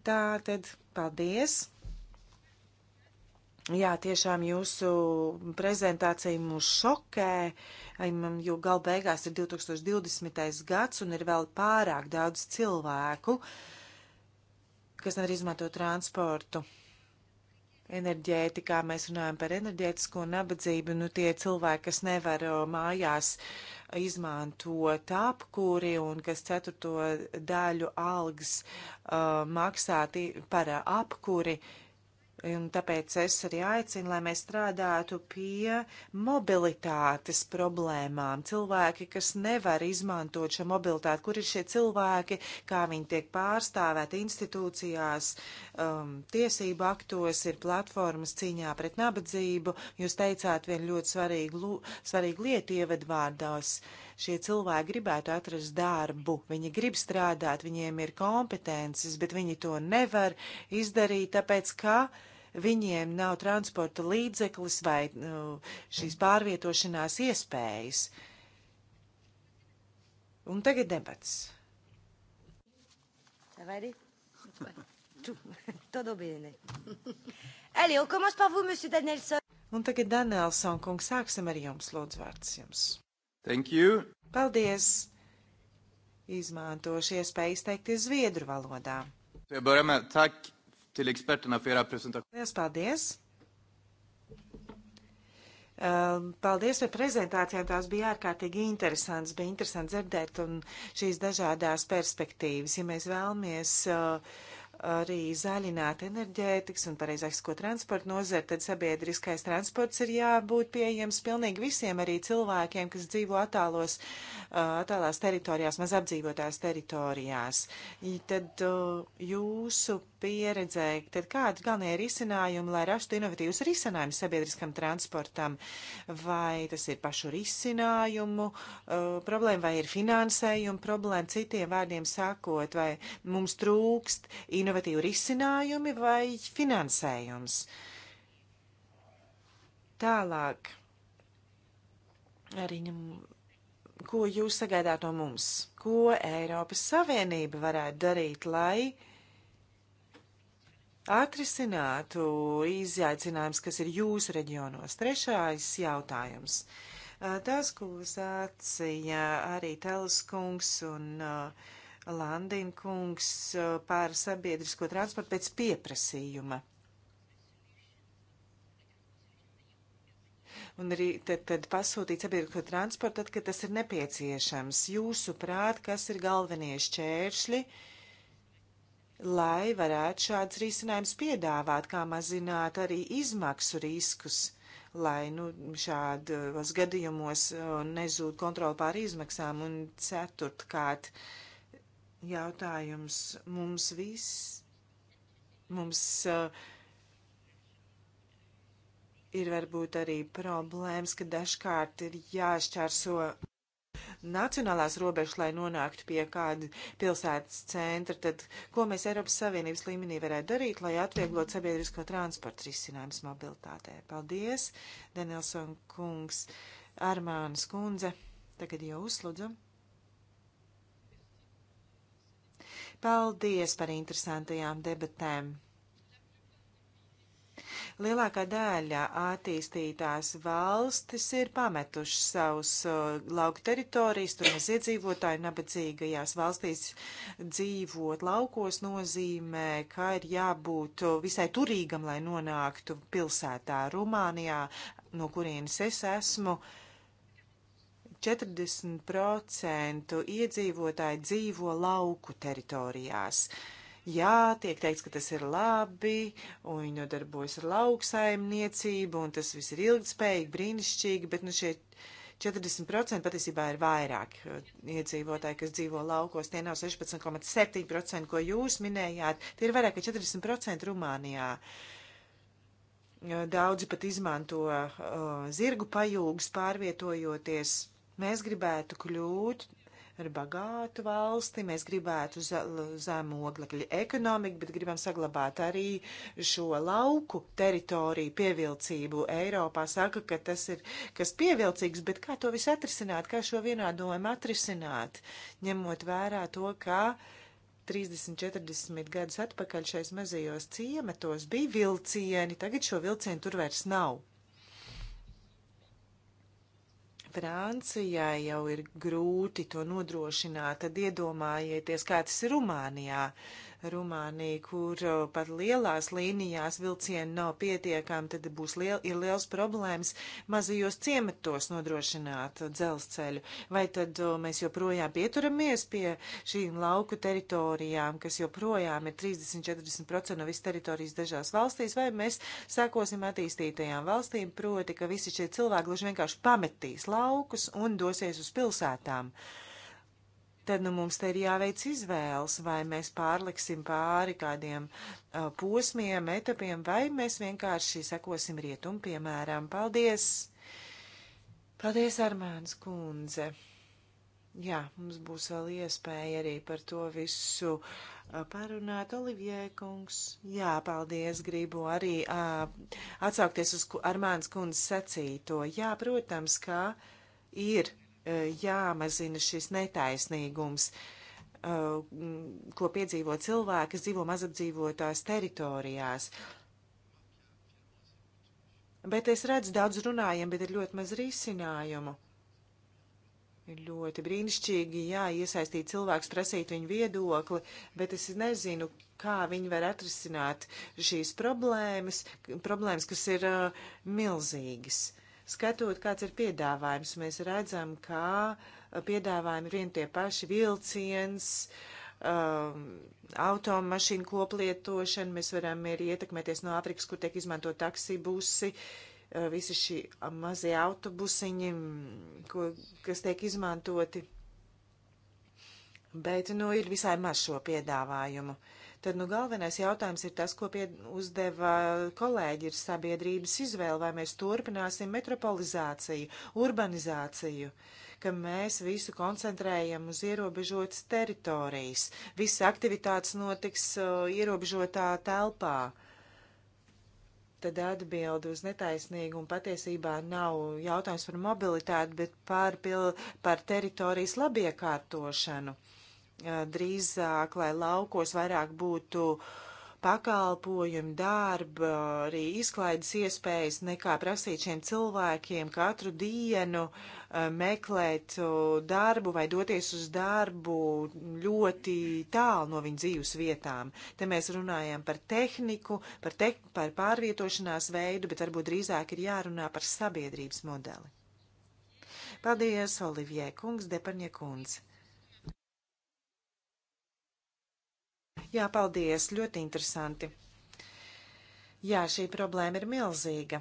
S3: Tā tad paldies! Jā, tiešām jūsu prezentācija mūs šokē, jo gal beigās ir 2020. gads un ir vēl pārāk daudz cilvēku, kas nevar izmantot transportu. Enerģētikā mēs runājam par enerģētisko nabadzību, nu tie cilvēki, kas nevar mājās izmantot apkūri un kas ceturto daļu algas uh, maksā par apkūri. Uh, Un tāpēc es arī aicinu, lai mēs strādātu pie mobilitātes problēmām. Cilvēki, kas nevar izmantot šo mobilitāti, kur ir šie cilvēki, kā viņi tiek pārstāvēti institūcijās, um, tiesību aktos, ir platformas cīņā pret nabadzību. Jūs teicāt vienu ļoti svarīgu, svarīgu lietu ievadvārdos. Uh, šie cilvēki gribētu atrast darbu, viņi grib strādāt, viņiem ir kompetences, bet viņi to nevar izdarīt, tāpēc ka viņiem nav transporta līdzeklis vai nu, šīs pārvietošanās iespējas. Un tagad debats. Todo bene. Allez, on commence par vous, monsieur Danielson. Un tagad Danielson kungs sāksim ar jums, lūdzu, vārds jums. Thank you. Paldies! Izmantošu iespēju izteikties zviedru valodā.
S1: Lielas
S3: paldies! Um, paldies par prezentācijām. Tās bija ārkārtīgi interesants. Bija interesanti dzirdēt un šīs dažādās perspektīvas. Ja mēs vēlamies uh, arī zaļināt enerģētikas un pareizāk sakot transporta nozari, tad sabiedriskais transports ir jābūt pieejams pilnīgi visiem, arī cilvēkiem, kas dzīvo attālos, attālās teritorijās, maz apdzīvotās teritorijās. Tad jūsu pieredzē, tad kādi galvenie risinājumi, lai rastu inovatīvus risinājumus sabiedriskam transportam? Vai tas ir pašu risinājumu problēma vai ir finansējuma problēma, citiem vārdiem sakot, vai mums trūkst inovatīvus inovatīvi risinājumi vai finansējums. Tālāk, arī ņem, ko jūs sagaidāt no mums? Ko Eiropas Savienība varētu darīt, lai atrisinātu izaicinājums, kas ir jūsu reģionos? Trešais jautājums. Tas, ko sācīja arī Telskungs un uh, Landinkungs eh, pār sabiedrisko transportu pēc pieprasījuma. un arī tad, tad pasūtīt sabiedrisko transportu, tad, kad tas ir nepieciešams. Jūsu prāt, kas ir galvenie šķēršļi, lai varētu šāds risinājums piedāvāt, kā mazināt arī izmaksu riskus, lai nu, šādos gadījumos eh, nezūd kontroli pār izmaksām un ceturtkārt. Uh, jautājums mums viss. Mums uh, ir varbūt arī problēmas, ka dažkārt ir jāšķērso nacionālās robežas, lai nonāktu pie kāda pilsētas centra, tad ko mēs Eiropas Savienības līmenī varētu darīt, lai atvieglot sabiedrisko transportu risinājumus mobilitātē? Paldies, Danielson kungs, Armānas kundze. Tagad jau uzsludzam. Paldies par interesantajām debatēm. Lielākā daļa attīstītās valstis ir pametušas savus uh, lauku teritorijas, tur mēs iedzīvotāji nabadzīgajās valstīs dzīvot laukos nozīmē, ka ir jābūt visai turīgam, lai nonāktu pilsētā Rumānijā, no kurienes es esmu. Uh, 40% iedzīvotāji dzīvo lauku teritorijās. Jā, tiek teikts, ka tas ir labi, un viņi nodarbojas ar lauksaimniecību, un tas viss ir ilgspējīgi, brīnišķīgi, bet nu šie 40% patiesībā ir vairāk iedzīvotāji, kas dzīvo laukos. Tie nav 16,7%, ko jūs minējāt. Tie ir vairāk kā 40% Rumānijā. Daudzi pat izmanto uh, zirgu pajūgs pārvietojoties. Mēs gribētu kļūt ar bagātu valsti, mēs gribētu zemu oglekļa ekonomiku, bet gribam saglabāt arī šo lauku teritoriju pievilcību. Eiropā saka, ka tas ir kas pievilcīgs, bet kā to visu atrisināt, kā šo vienādojumu atrisināt, ņemot vērā to, ka 30, 40 gadus atpakaļ šais mazajos ciematos bija vilcieni, tagad šo vilcienu tur vairs nav. Francijai jau ir grūti to nodrošināt, tad iedomājieties, kā tas ir Rumānijā. Uh, Rumāniju, kur uh, pat lielās līnijās vilcieni nav pietiekami, tad būs liel, ir liels problēmas mazajos ciematos nodrošināt dzelzceļu. Vai tad uh, mēs joprojām pieturamies pie šīm lauku teritorijām, kas joprojām ir 30-40% no visas teritorijas dažās valstīs, vai mēs sākosim attīstītajām valstīm, proti, ka visi šie cilvēki gluži vienkārši pametīs laukus un dosies uz pilsētām? Uh, tad nu, mums te ir jāveic izvēles, vai mēs pārliksim pāri kādiem uh, posmiem, etapiem, vai mēs vienkārši sekosim rietumu, piemēram. Paldies! Paldies, Armāns kundze! Jā, mums būs vēl iespēja arī par to visu uh, parunāt. Olivier kungs, jā, paldies, gribu arī uh, atsaukties uz Armāns kundzes sacīto. Jā, protams, kā ir jāmazina šis netaisnīgums, uh, ko piedzīvo cilvēki, kas dzīvo mazapdzīvotās teritorijās. Bet es redzu, daudz runājam, bet ir ļoti maz risinājumu. Ir ļoti brīnišķīgi, jā, iesaistīt cilvēkus, prasīt viņu viedokli, bet es nezinu, kā viņi var atrisināt šīs problēmas, problēmas, kas ir uh, milzīgas. Uh, Skatot, kāds ir piedāvājums, mēs redzam, ka uh, piedāvājumi ir vien tie paši vilciens, um, automašīnu koplietošana, mēs varam ir ietekmēties no Āfrikas, kur tiek izmantot taksi busi, uh, visi šī uh, mazie autobusiņi, mm, ko, kas tiek izmantoti. Bet, nu, ir visai maz šo piedāvājumu. Uh, tad nu, galvenais jautājums ir tas, ko pied, uzdeva kolēģi, ir sabiedrības izvēle, vai mēs turpināsim metropolizāciju, urbanizāciju ka mēs visu koncentrējam uz ierobežotas teritorijas. Visas aktivitātes notiks uh, ierobežotā telpā. Tad atbildi uz netaisnīgumu patiesībā nav jautājums par mobilitāti, bet par, pil, par teritorijas labiekārtošanu. Uh, drīzāk, lai laukos vairāk būtu pakalpojumi, darba, arī izklaides iespējas, nekā prasīt šiem cilvēkiem katru dienu meklēt darbu vai doties uz darbu ļoti tālu no viņu dzīves vietām. Te mēs runājam par tehniku, par, te par pārvietošanās veidu, bet varbūt drīzāk ir jārunā par sabiedrības modeli. Paldies, Olivier Kungs, Deparņa Kungs! Jā, paldies, ļoti interesanti. Jā, šī problēma ir milzīga.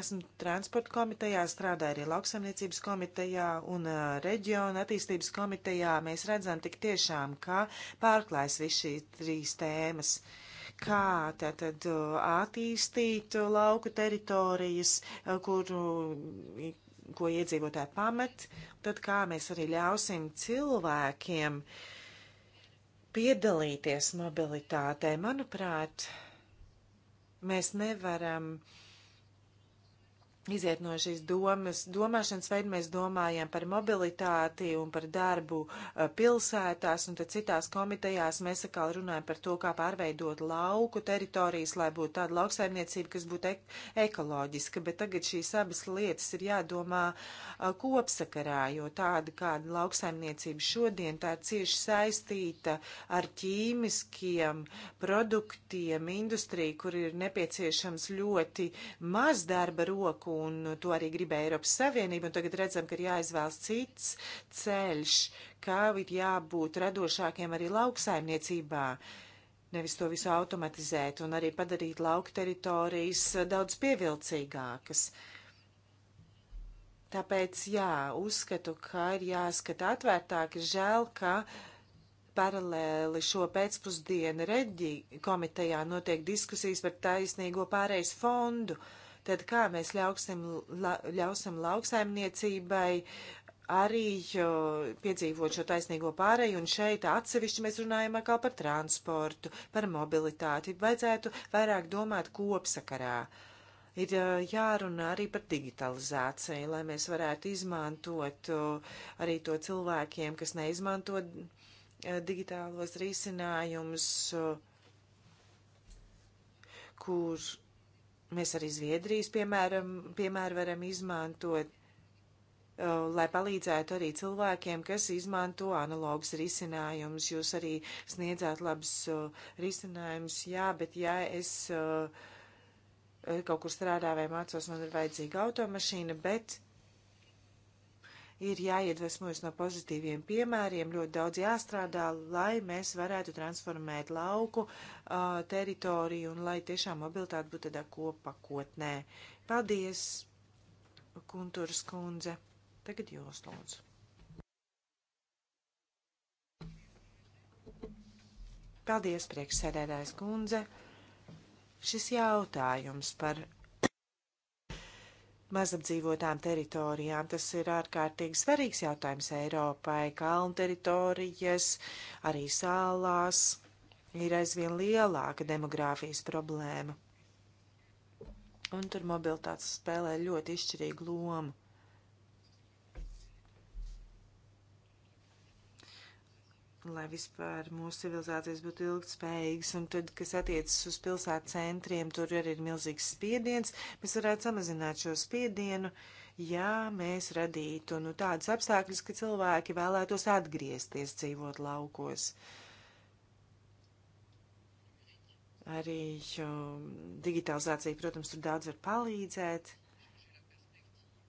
S3: Esmu transporta komitejā, strādāju arī lauksaimniecības komitejā un uh, reģiona attīstības komitejā. Mēs redzam tik tiešām, kā pārklājas viss šī trīs tēmas. Kā tātad attīstīt lauku teritorijas, kur, ko iedzīvotāji pamet, tad kā mēs arī ļausim cilvēkiem uh, piedalīties mobilitātē. Manuprāt, mēs nevaram uh, Iziet no šīs domas, domāšanas veidu mēs domājam par mobilitāti un par darbu uh, pilsētās, un tad citās komitejās mēs atkal runājam par to, kā pārveidot lauku teritorijas, lai būtu tāda lauksaimniecība, kas būtu ek ekoloģiska, bet tagad šīs abas lietas ir jādomā uh, kopsakarā, jo tāda kāda lauksaimniecība šodien tā ir cieši saistīta ar ķīmiskiem produktiem, industriju, kur ir nepieciešams ļoti maz darba roku, un to arī gribēja Eiropas Savienība, un tagad redzam, ka ir jāizvēlas cits ceļš, kā ir jābūt radošākiem arī lauksaimniecībā nevis to visu automatizēt un arī padarīt lauka teritorijas daudz pievilcīgākas. Tāpēc, jā, uzskatu, ka ir jāskata atvērtāk, ir žēl, ka paralēli šo pēcpusdienu reģi komitejā notiek diskusijas par taisnīgo pārejas fondu. Uh, tad kā mēs ļauksim, la, ļausim lauksaimniecībai arī piedzīvot šo taisnīgo pārēju, un šeit atsevišķi mēs runājam atkal par transportu, par mobilitāti. Vajadzētu vairāk domāt kopsakarā ir jārunā arī par digitalizāciju, lai mēs varētu izmantot arī to cilvēkiem, kas neizmanto digitālos risinājumus, kur Mēs arī Zviedrijas piemēram, piemēru varam izmantot, uh, lai palīdzētu arī cilvēkiem, kas izmanto analogus risinājumus. Jūs arī sniedzāt labus uh, risinājumus, jā, bet ja es uh, kaut kur strādāju vai mācos, man ir vajadzīga automašīna, bet ir jāiedvesmojas no pozitīviem piemēriem, ļoti daudz jāstrādā, lai mēs varētu transformēt lauku uh, teritoriju un lai tiešām mobilitāte būtu tādā kopakotnē. Paldies, Kunturas kundze. Tagad jūs lūdzu. Paldies, priekšsēdētājs kundze. Šis jautājums par mazapdzīvotām teritorijām. Tas ir ārkārtīgi svarīgs jautājums Eiropai. Kalnu teritorijas, arī sālās ir aizvien lielāka demogrāfijas problēma. Un tur mobilitātes spēlē ļoti izšķirīgu lomu. lai vispār mūsu civilizācijas būtu ilgtspējīgas, un tad, kas attiecas uz pilsētu centriem, tur arī ir milzīgs spiediens. Mēs varētu samazināt šo spiedienu, ja mēs radītu nu, tādus apstākļus, ka cilvēki vēlētos atgriezties dzīvot laukos. Arī jo, digitalizācija, protams, tur daudz var palīdzēt,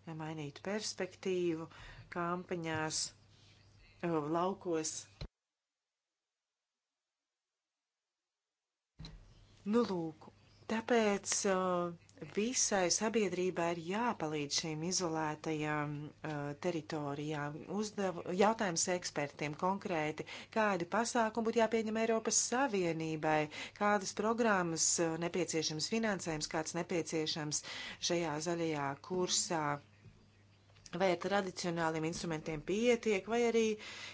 S3: ja mainītu perspektīvu kampaņās, laukos. Nu, lūk, tāpēc uh, visai sabiedrībai ir jāpalīdz šīm izolētajām uh, teritorijām. Uzdev, jautājums ekspertiem konkrēti, kādi pasākumi būtu jāpieņem Eiropas Savienībai, kādas programmas uh, nepieciešams finansējums, kāds nepieciešams šajā zaļajā kursā vai ar tradicionāliem instrumentiem pietiek, vai arī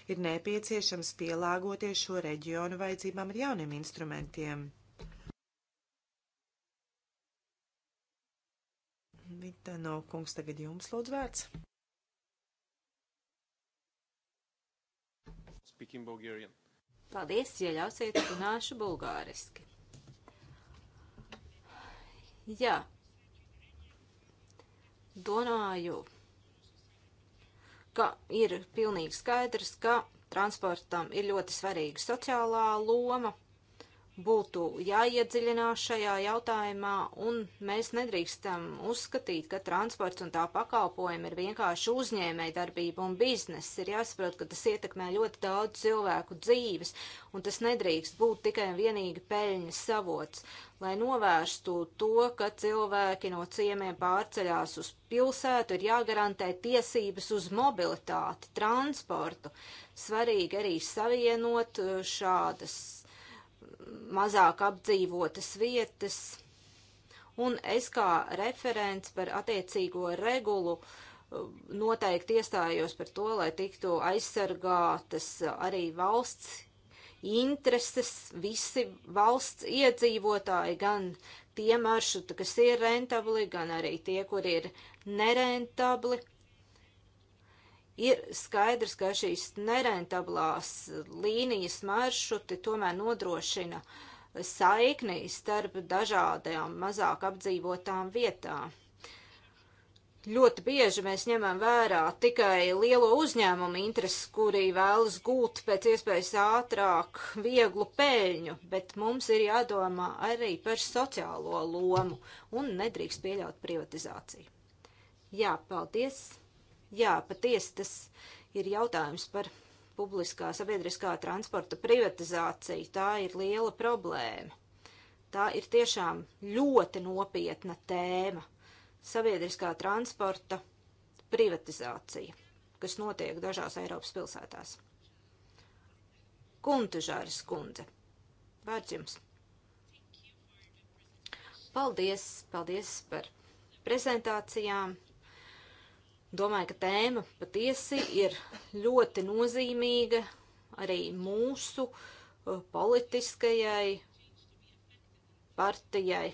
S3: ir nepieciešams pielāgoties šo reģionu vajadzībām ar jauniem instrumentiem. Vita nav kungs, tagad jums lūdz vērts. Paldies, ja ļausiet, runāšu
S1: bulgāriski. Jā, domāju, ka ir pilnīgi skaidrs, ka transportam ir ļoti svarīga sociālā loma būtu jāiedziļinās šajā jautājumā, un mēs nedrīkstam uzskatīt, ka transports un tā pakalpojumi ir vienkārši uzņēmēja darbība un bizness. Ir jāsaprot, ka tas ietekmē ļoti daudz cilvēku dzīves, un tas nedrīkst būt tikai un vienīgi peļņas savots, lai novērstu to, ka cilvēki no ciemiem pārceļās uz pilsētu, ir jāgarantē tiesības uz mobilitāti, transportu. Svarīgi arī savienot uh, šādas mazāk apdzīvotas vietas. Un es kā referents par attiecīgo regulu eh, noteikti iestājos par to, lai tiktu aizsargātas arī valsts intereses, visi valsts iedzīvotāji, gan tie maršruti, kas ir rentabli, gan arī tie, kur ir nerentabli. Ir skaidrs, ka šīs nerentablās līnijas maršruti tomēr nodrošina saikni starp dažādajām mazāk apdzīvotām vietām. Ļoti bieži mēs ņemam vērā tikai lielo uzņēmumu intereses, kuri vēlas gūt pēc iespējas ātrāk vieglu peļņu, bet mums ir jādomā arī par sociālo lomu un nedrīkst pieļaut privatizāciju. Jā, paldies! Jā, patiesi tas ir jautājums par publiskā sabiedriskā transporta privatizāciju. Tā ir liela problēma. Tā ir tiešām ļoti nopietna tēma - sabiedriskā transporta privatizācija, kas notiek dažās Eiropas pilsētās. Kuntužāras kundze, vārds jums! Paldies, paldies par prezentācijām! Domāju, ka tēma patiesi ir ļoti nozīmīga arī mūsu uh, politiskajai partijai.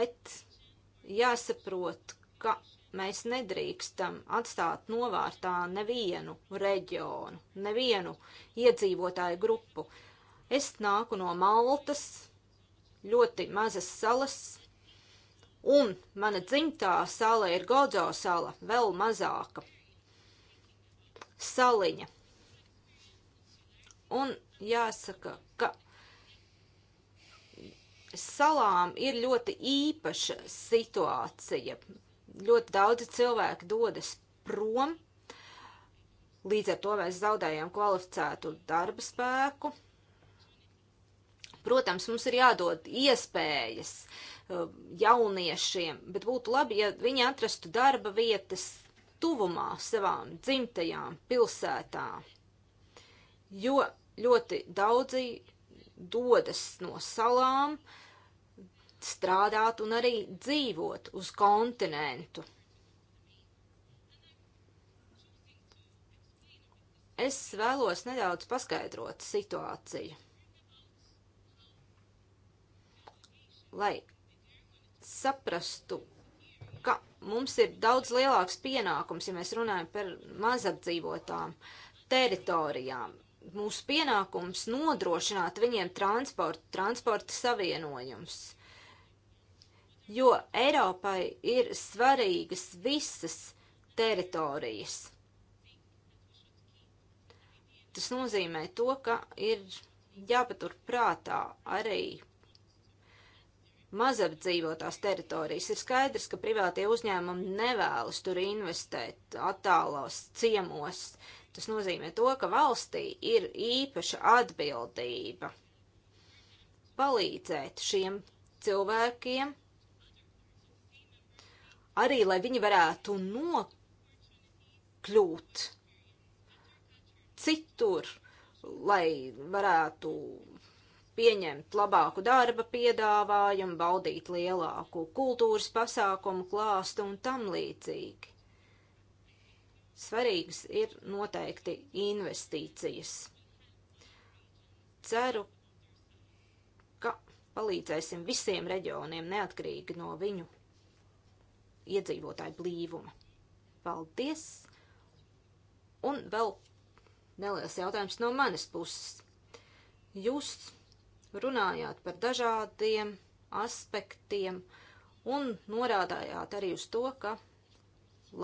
S1: Bet jāsaprot, ka mēs nedrīkstam atstāt novārtā nevienu reģionu, nevienu iedzīvotāju grupu. Es nāku no Maltas, ļoti mazas salas, Un mana dzimtā sala ir Godzo sala, vēl mazāka saliņa. Un jāsaka, ka salām ir ļoti īpaša situācija. Ļoti daudzi cilvēki dodas prom, līdz ar to mēs zaudējam kvalificētu darba spēku. Protams, mums ir jādod iespējas Um, jauniešiem, bet būtu labi, ja viņi atrastu darba vietas tuvumā savām dzimtajām pilsētām, jo ļoti daudzi dodas no salām strādāt un arī dzīvot uz kontinentu. Es vēlos nedaudz paskaidrot situāciju. Lai saprastu, ka mums ir daudz lielāks pienākums, ja mēs runājam par mazapdzīvotām teritorijām. Mūsu pienākums nodrošināt viņiem transportu, transporta savienojums. Jo Eiropai ir svarīgas visas teritorijas. Tas nozīmē to, ka ir jāpatur prātā arī mazapdzīvotās teritorijas. Ir skaidrs, ka privātie uzņēmumi nevēlas tur investēt attālos ciemos. Tas nozīmē to, ka valstī ir īpaša atbildība palīdzēt šiem cilvēkiem, arī lai viņi varētu nokļūt citur, lai varētu pieņemt labāku darba piedāvājumu, baudīt lielāku kultūras pasākumu klāstu un tam līdzīgi. Svarīgas ir noteikti investīcijas. Ceru, ka palīdzēsim visiem reģioniem neatkarīgi no viņu iedzīvotāju blīvuma. Paldies! Un vēl neliels jautājums no manas puses. Jūs runājāt par dažādiem aspektiem un norādājāt arī uz to, ka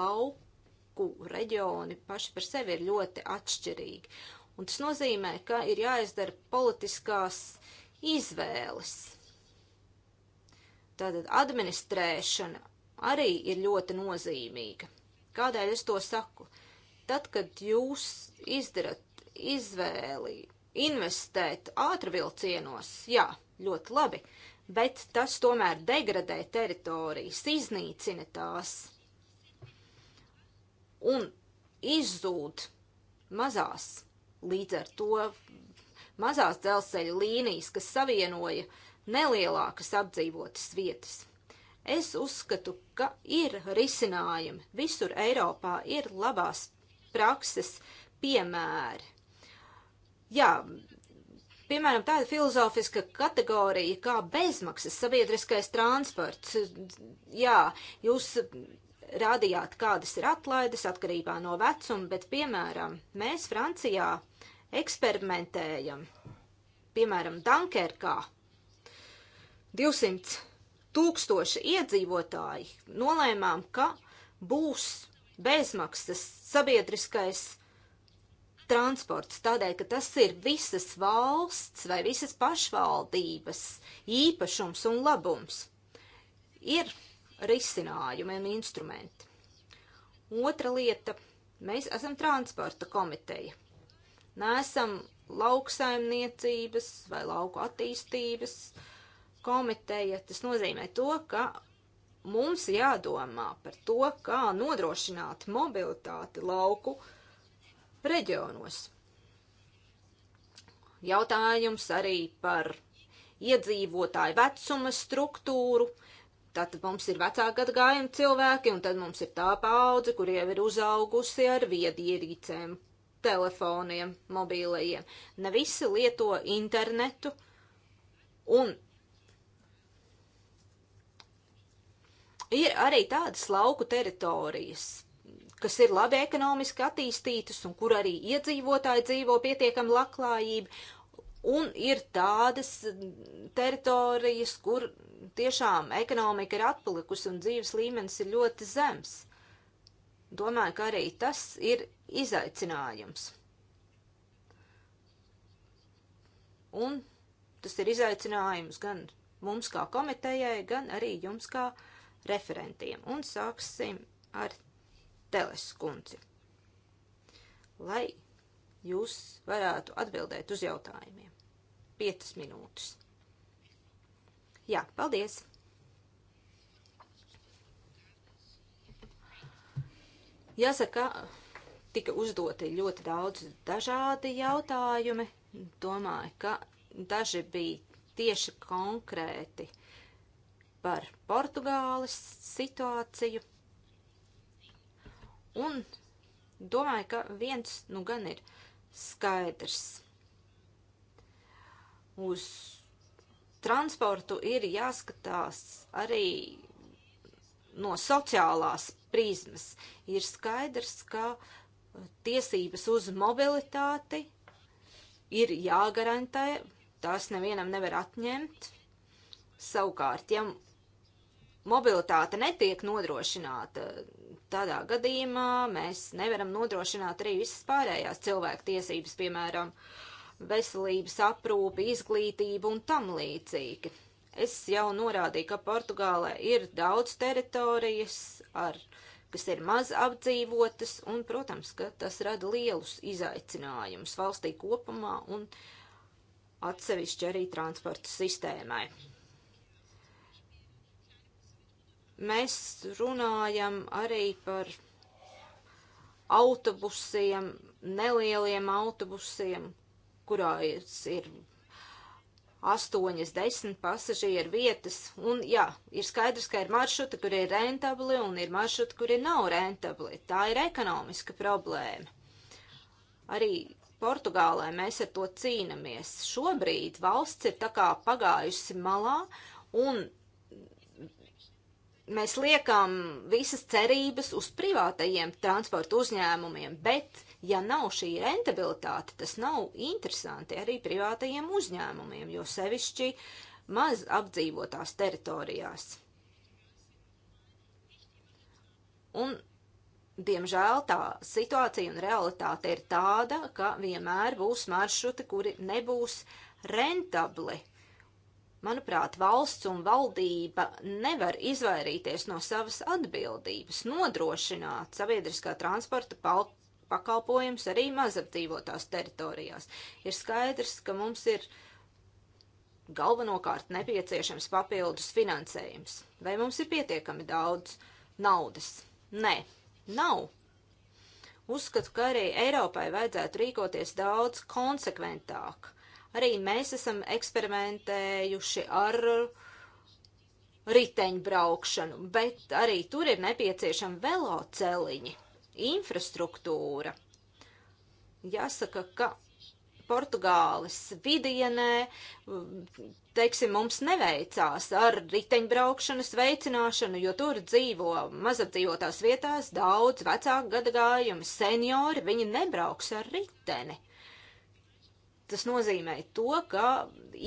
S1: lauku reģioni paši par sevi ir ļoti atšķirīgi. Un tas nozīmē, ka ir jāizdara politiskās izvēles. Tātad administrēšana arī ir ļoti nozīmīga. Kādēļ es to saku? Tad, kad jūs izdarat izvēli investēt ātrvilcienos, jā, ļoti labi, bet tas tomēr degradē teritorijas, iznīcina tās un izzūd mazās līdz ar to mazās dzelzceļa līnijas, kas savienoja nelielākas apdzīvotas vietas. Es uzskatu, ka ir risinājumi. Visur Eiropā ir labās prakses piemēri jā, piemēram, tāda filozofiska kategorija kā bezmaksas sabiedriskais transports. Jā, jūs rādījāt, kādas ir atlaides atkarībā no vecuma, bet, piemēram, mēs Francijā eksperimentējam, piemēram, Dunkerkā 200 tūkstoši iedzīvotāji nolēmām, ka būs bezmaksas sabiedriskais transports transports, tādēļ, ka tas ir visas valsts vai visas pašvaldības īpašums un labums. Ir risinājumi un instrumenti. Otra lieta - mēs esam transporta komiteja. Nesam lauksaimniecības vai lauku attīstības komiteja. Tas nozīmē to, ka mums jādomā par to, kā nodrošināt mobilitāti lauku reģionos. Jautājums arī par iedzīvotāju vecuma struktūru. Tātad mums ir vecāka gadagājuma cilvēki, un tad mums ir tā paudze, kuriem ir uzaugusi ar viedierīcēm, telefoniem, mobīlajiem. Ne visi lieto internetu, un ir arī tādas lauku teritorijas, kas ir labi ekonomiski attīstītas un kur arī iedzīvotāji dzīvo pietiekami labklājība, un ir tādas teritorijas, kur tiešām ekonomika ir atpalikusi un dzīves līmenis ir ļoti zems. Domāju, ka arī tas ir izaicinājums. Un tas ir izaicinājums gan mums kā komitejai, gan arī jums kā referentiem. Un sāksim ar Teles kundzi, lai jūs varētu atbildēt uz jautājumiem. 5 minūtes. Jā, paldies! Jāsaka, tika uzdoti ļoti daudz dažādi jautājumi. Domāju, ka daži bija tieši konkrēti par Portugāles situāciju. Un domāju, ka viens nu gan ir skaidrs. Uz transportu ir jāskatās arī no sociālās prizmas. Ir skaidrs, ka tiesības uz mobilitāti ir jāgarantē, tās nevienam nevar atņemt. Savukārt, ja mobilitāte netiek nodrošināta, tādā gadījumā mēs nevaram nodrošināt arī visas pārējās cilvēku tiesības, piemēram, veselības aprūpi, izglītību un tam līdzīgi. Es jau norādīju, ka Portugālē ir daudz teritorijas, ar, kas ir maz apdzīvotas, un, protams, ka tas rada lielus izaicinājumus valstī kopumā un atsevišķi arī transporta sistēmai. Mēs runājam arī par autobusiem, nelieliem autobusiem, kurās ir astoņas, desmit pasažieru vietas. Un, jā, ir skaidrs, ka ir maršruti, kur ir rentabli, un ir maršruti, kur ir nav rentabli. Tā ir ekonomiska problēma. Arī Portugālē mēs ar to cīnamies. Šobrīd valsts ir tā kā pagājusi malā, un mēs liekam visas cerības uz privātajiem transporta uzņēmumiem, bet, ja nav šī rentabilitāte, tas nav interesanti arī privātajiem uzņēmumiem, jo sevišķi maz apdzīvotās teritorijās. Un, diemžēl, tā situācija un realitāte ir tāda, ka vienmēr būs maršruti, kuri nebūs rentabli Manuprāt, valsts un valdība nevar izvairīties no savas atbildības nodrošināt sabiedriskā transporta pakalpojumus arī mazapdzīvotās teritorijās. Ir skaidrs, ka mums ir galvenokārt nepieciešams papildus finansējums. Vai mums ir pietiekami daudz naudas? Nē, nav. Uzskatu, ka arī Eiropai vajadzētu rīkoties daudz konsekventāk Arī mēs esam eksperimentējuši ar riteņbraukšanu, bet arī tur ir nepieciešama veloceliņi, infrastruktūra. Jāsaka, ka Portugāles vidienē, teiksim, mums neveicās ar riteņbraukšanas veicināšanu, jo tur dzīvo mazapdzīvotās vietās daudz vecāku gadagājumu seniori, viņi nebrauks ar riteni tas nozīmē to, ka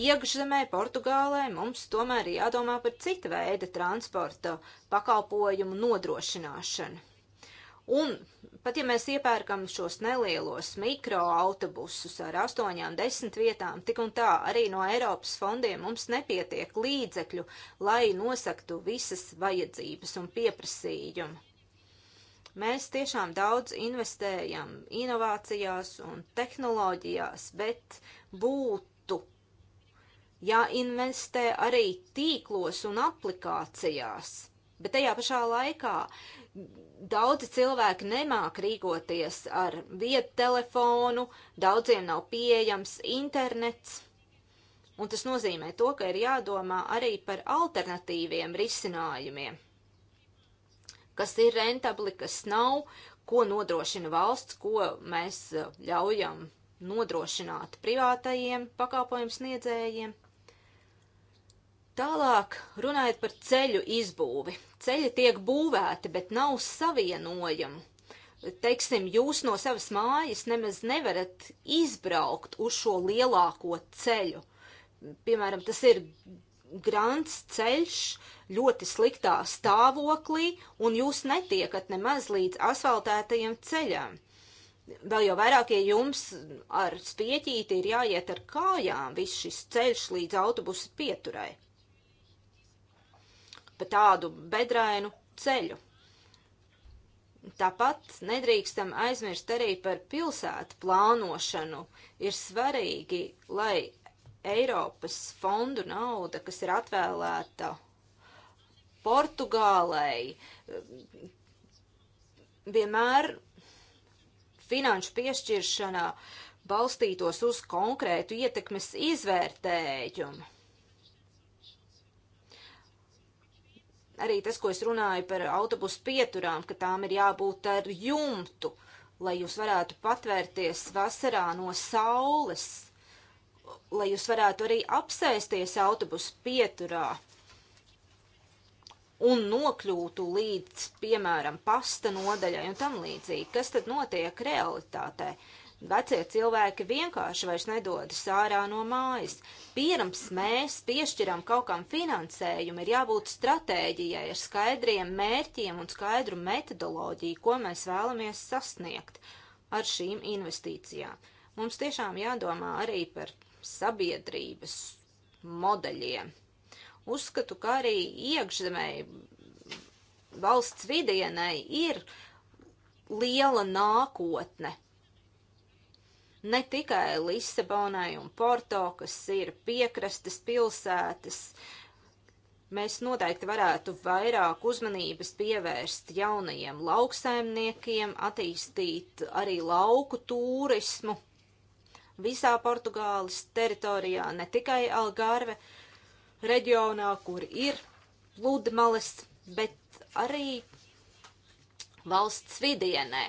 S1: iekšzemē, Portugālē mums tomēr ir jādomā par cita veida transporta pakalpojumu nodrošināšanu. Un pat ja mēs iepērkam šos nelielos mikroautobusus ar astoņām, desmit vietām, tik un tā arī no Eiropas fondiem mums nepietiek līdzekļu, lai nosaktu visas vajadzības un pieprasījumu. Mēs tiešām daudz investējam inovācijās un tehnoloģijās, bet būtu jāinvestē arī tīklos un aplikācijās. Bet tajā pašā laikā daudzi cilvēki nemāk rīkoties ar vietu telefonu, daudziem nav pieejams internets. Un tas nozīmē to, ka ir jādomā arī par alternatīviem risinājumiem kas ir rentabli, kas nav, ko nodrošina valsts, ko mēs eh, ļaujam nodrošināt privātajiem pakalpojumu sniedzējiem. Tālāk runājot par ceļu izbūvi. Ceļi tiek būvēti, bet nav savienojami. Teiksim, jūs no savas mājas nemaz nevarat izbraukt uz šo lielāko ceļu. Piemēram, tas ir grants ceļš ļoti sliktā stāvoklī, un jūs netiekat nemaz līdz asfaltētajiem ceļam. Vēl jau vairāk, ja jums ar spieķīti ir jāiet ar kājām viss šis ceļš līdz autobusu pieturai. Pa tādu bedrainu ceļu. Tāpat nedrīkstam aizmirst arī par pilsētu plānošanu. Ir svarīgi, lai Eiropas fondu nauda, kas ir atvēlēta Portugālei, vienmēr finanšu piešķiršanā balstītos uz konkrētu ietekmes izvērtējumu. Arī tas, ko es runāju par autobusu pieturām, ka tām ir jābūt ar jumtu, lai jūs varētu patvērties vasarā no saules lai jūs varētu arī apsēsties autobusu pieturā un nokļūtu līdz, piemēram, pasta nodaļai un tam līdzīgi. Kas tad notiek realitātē? Vecie cilvēki vienkārši vairs nedodas ārā no mājas. Pirms mēs piešķiram kaut kam finansējumu, ir jābūt stratēģijai ar skaidriem mērķiem un skaidru metodoloģiju, ko mēs vēlamies sasniegt ar šīm investīcijām. Mums tiešām jādomā arī par sabiedrības modeļiem. Uzskatu, ka arī iekšzemē valsts vidienai ir liela nākotne. Ne tikai Lisabonai un Porto, kas ir piekrastes pilsētas, mēs noteikti varētu vairāk uzmanības pievērst jaunajiem lauksaimniekiem, attīstīt arī lauku turismu visā Portugāles teritorijā, ne tikai Algarve reģionā, kur ir pludmales, bet arī valsts vidienē.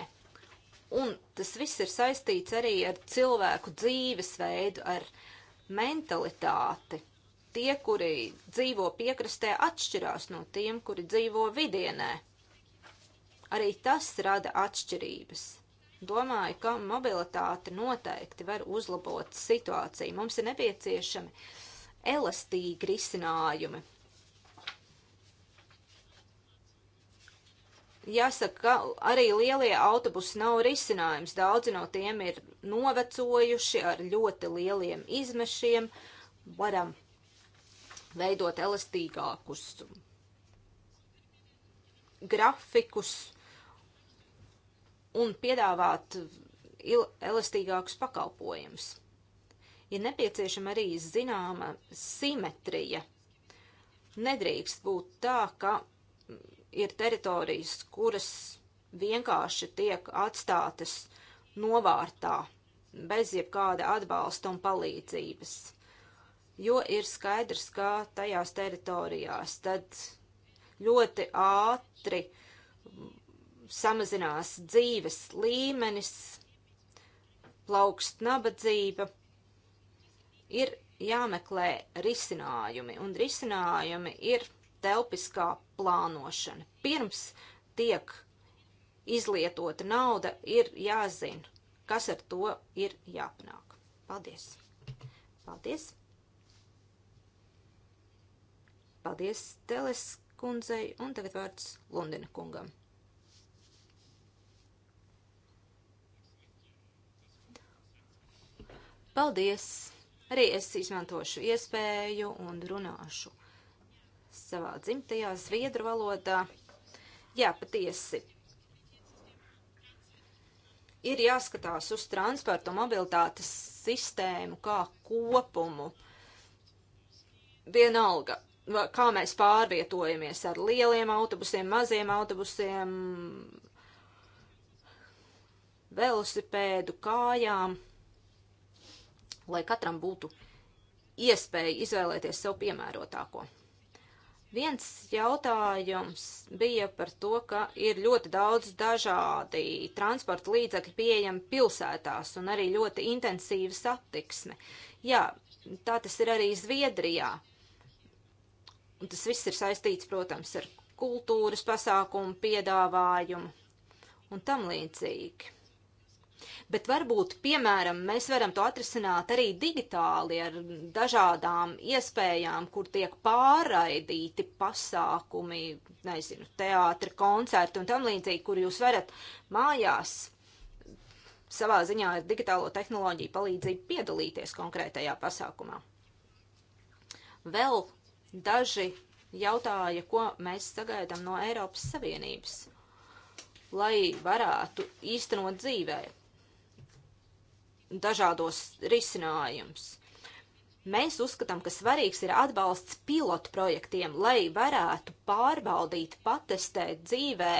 S1: Un tas viss ir saistīts arī ar cilvēku dzīvesveidu, ar mentalitāti. Tie, kuri dzīvo piekrastē, atšķirās no tiem, kuri dzīvo vidienē. Arī tas rada atšķirības domāju, ka mobilitāte noteikti var uzlabot situāciju. Mums ir nepieciešami elastīgi risinājumi. Jāsaka, ka arī lielie autobusi nav risinājums. Daudzi no tiem ir novecojuši ar ļoti lieliem izmešiem. Varam veidot elastīgākus grafikus un piedāvāt elastīgākus pakalpojumus. Ir nepieciešama arī zināma simetrija. Nedrīkst būt tā, ka ir teritorijas, kuras vienkārši tiek atstātas novārtā bez jebkāda atbalsta un palīdzības. Jo ir skaidrs, ka tajās teritorijās tad ļoti ātri samazinās dzīves līmenis, plaukst nabadzība, ir jāmeklē risinājumi, un risinājumi ir telpiskā plānošana. Pirms tiek izlietota nauda, ir jāzina, kas ar to ir jāpanāk. Paldies! Paldies! Paldies, Teles kundzei, un tagad vārds Lundina kungam. Paldies! Arī es izmantošu iespēju un runāšu savā dzimtajā zviedru valodā. Jā, patiesi. Ir jāskatās uz transporta mobilitātes sistēmu kā kopumu. Vienalga, kā mēs pārvietojamies ar lieliem autobusiem, maziem autobusiem, velosipēdu, kājām lai katram būtu iespēja izvēlēties sev piemērotāko. Viens jautājums bija par to, ka ir ļoti daudz dažādi transporta līdzekļi pieejami pilsētās un arī ļoti intensīva satiksme. Jā, tā tas ir arī Zviedrijā. Un tas viss ir saistīts, protams, ar kultūras pasākumu piedāvājumu un tam līdzīgi. Bet varbūt, piemēram, mēs varam to atrisināt arī digitāli ar dažādām iespējām, kur tiek pārraidīti pasākumi, nezinu, teātri, koncerti un tam līdzīgi, kur jūs varat mājās savā ziņā ar digitālo tehnoloģiju palīdzību piedalīties konkrētajā pasākumā. Vēl daži jautāja, ko mēs sagaidām no Eiropas Savienības, lai varētu īstenot dzīvē dažādos risinājumus. Mēs uzskatām, ka svarīgs ir atbalsts pilotu projektiem, lai varētu pārbaudīt, patestēt dzīvē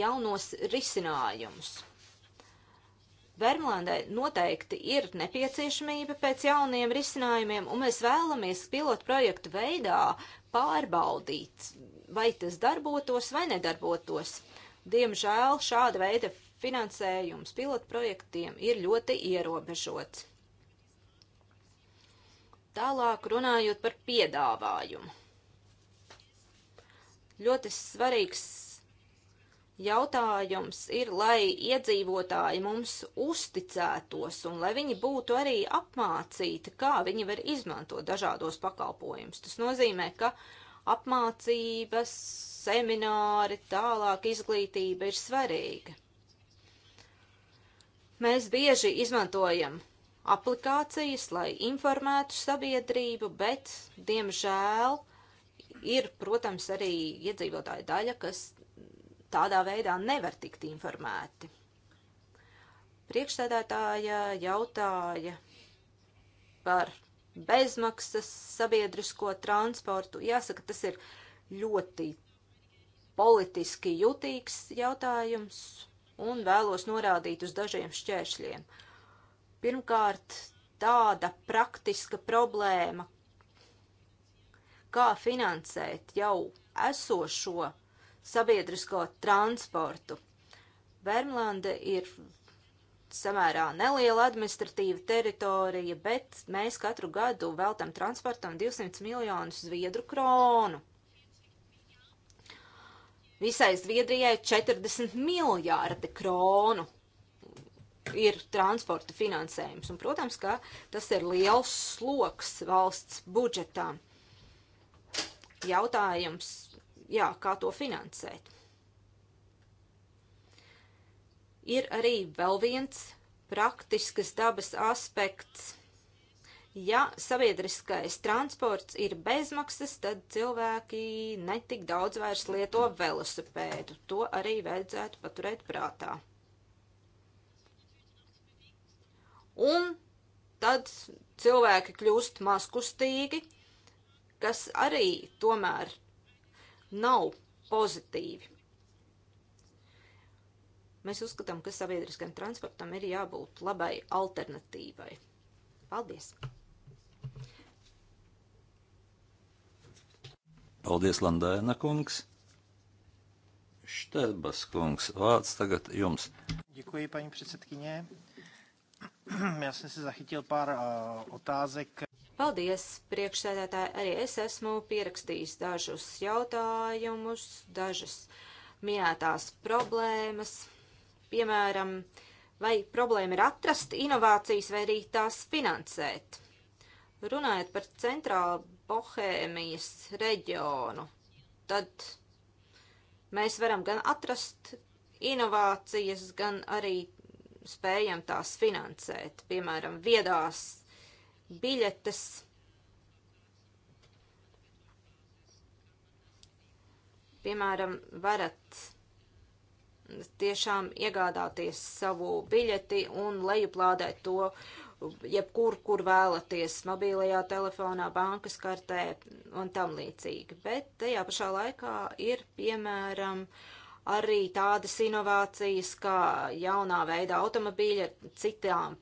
S1: jaunos risinājumus. Vermlandē noteikti ir nepieciešamība pēc jauniem risinājumiem, un mēs vēlamies pilotu projektu veidā pārbaudīt, vai tas darbotos vai nedarbotos. Diemžēl šāda veida finansējums pilotprojektiem ir ļoti ierobežots. Tālāk runājot par piedāvājumu. Ļoti svarīgs jautājums ir, lai iedzīvotāji mums uzticētos un lai viņi būtu arī apmācīti, kā viņi var izmantot dažādos pakalpojumus. Tas nozīmē, ka apmācības, semināri, tālāk izglītība ir svarīga. Mēs bieži izmantojam aplikācijas, lai informētu sabiedrību, bet, diemžēl, ir, protams, arī iedzīvotāja daļa, kas tādā veidā nevar tikt informēti. Priekšstādātāja jautāja par bezmaksas sabiedrisko transportu. Jāsaka, tas ir ļoti politiski jutīgs jautājums, un vēlos norādīt uz dažiem šķēršļiem. Pirmkārt, tāda praktiska problēma, kā finansēt jau esošo sabiedrisko transportu. Vermlande ir samērā neliela administratīva teritorija, bet mēs katru gadu veltam transportam 200 miljonus zviedru kronu. Visai Zviedrijai 40 miljārdi kronu ir transporta finansējums. Un, protams, ka tas ir liels sloks valsts budžetā. Jautājums, jā, kā to finansēt? Ir arī vēl viens praktiskas dabas aspekts Ja sabiedriskais transports ir bezmaksas, tad cilvēki netik daudz vairs lieto velosipēdu. To arī vajadzētu paturēt prātā. Un tad cilvēki kļūst maskustīgi, kas arī tomēr nav pozitīvi. Mēs uzskatām, ka sabiedriskajam transportam ir jābūt labai alternatīvai. Paldies!
S2: Paldies, Landēna kungs. Šterbas kungs, vārds tagad jums.
S1: Děkuji, paní předsedkyně. Já jsem si zachytil pár uh, otázek. Paldies, priekšsēdētāji. Arī es esmu pierakstījis dažus jautājumus, dažas minētās problēmas. Piemēram, vai problēma ir atrast inovācijas vai arī tās finansēt? Runājot par centrālu Bohēmijas reģionu, tad mēs varam gan atrast inovācijas, gan arī spējam tās finansēt. Piemēram, viedās biļetes. Piemēram, varat tiešām iegādāties savu biļeti un lejuplādēt to jebkur, kur vēlaties, mobilajā telefonā, bankas kartē un tam līdzīgi. Bet tajā pašā laikā ir, piemēram, arī tādas inovācijas, kā jaunā veida automobīļa ar citām,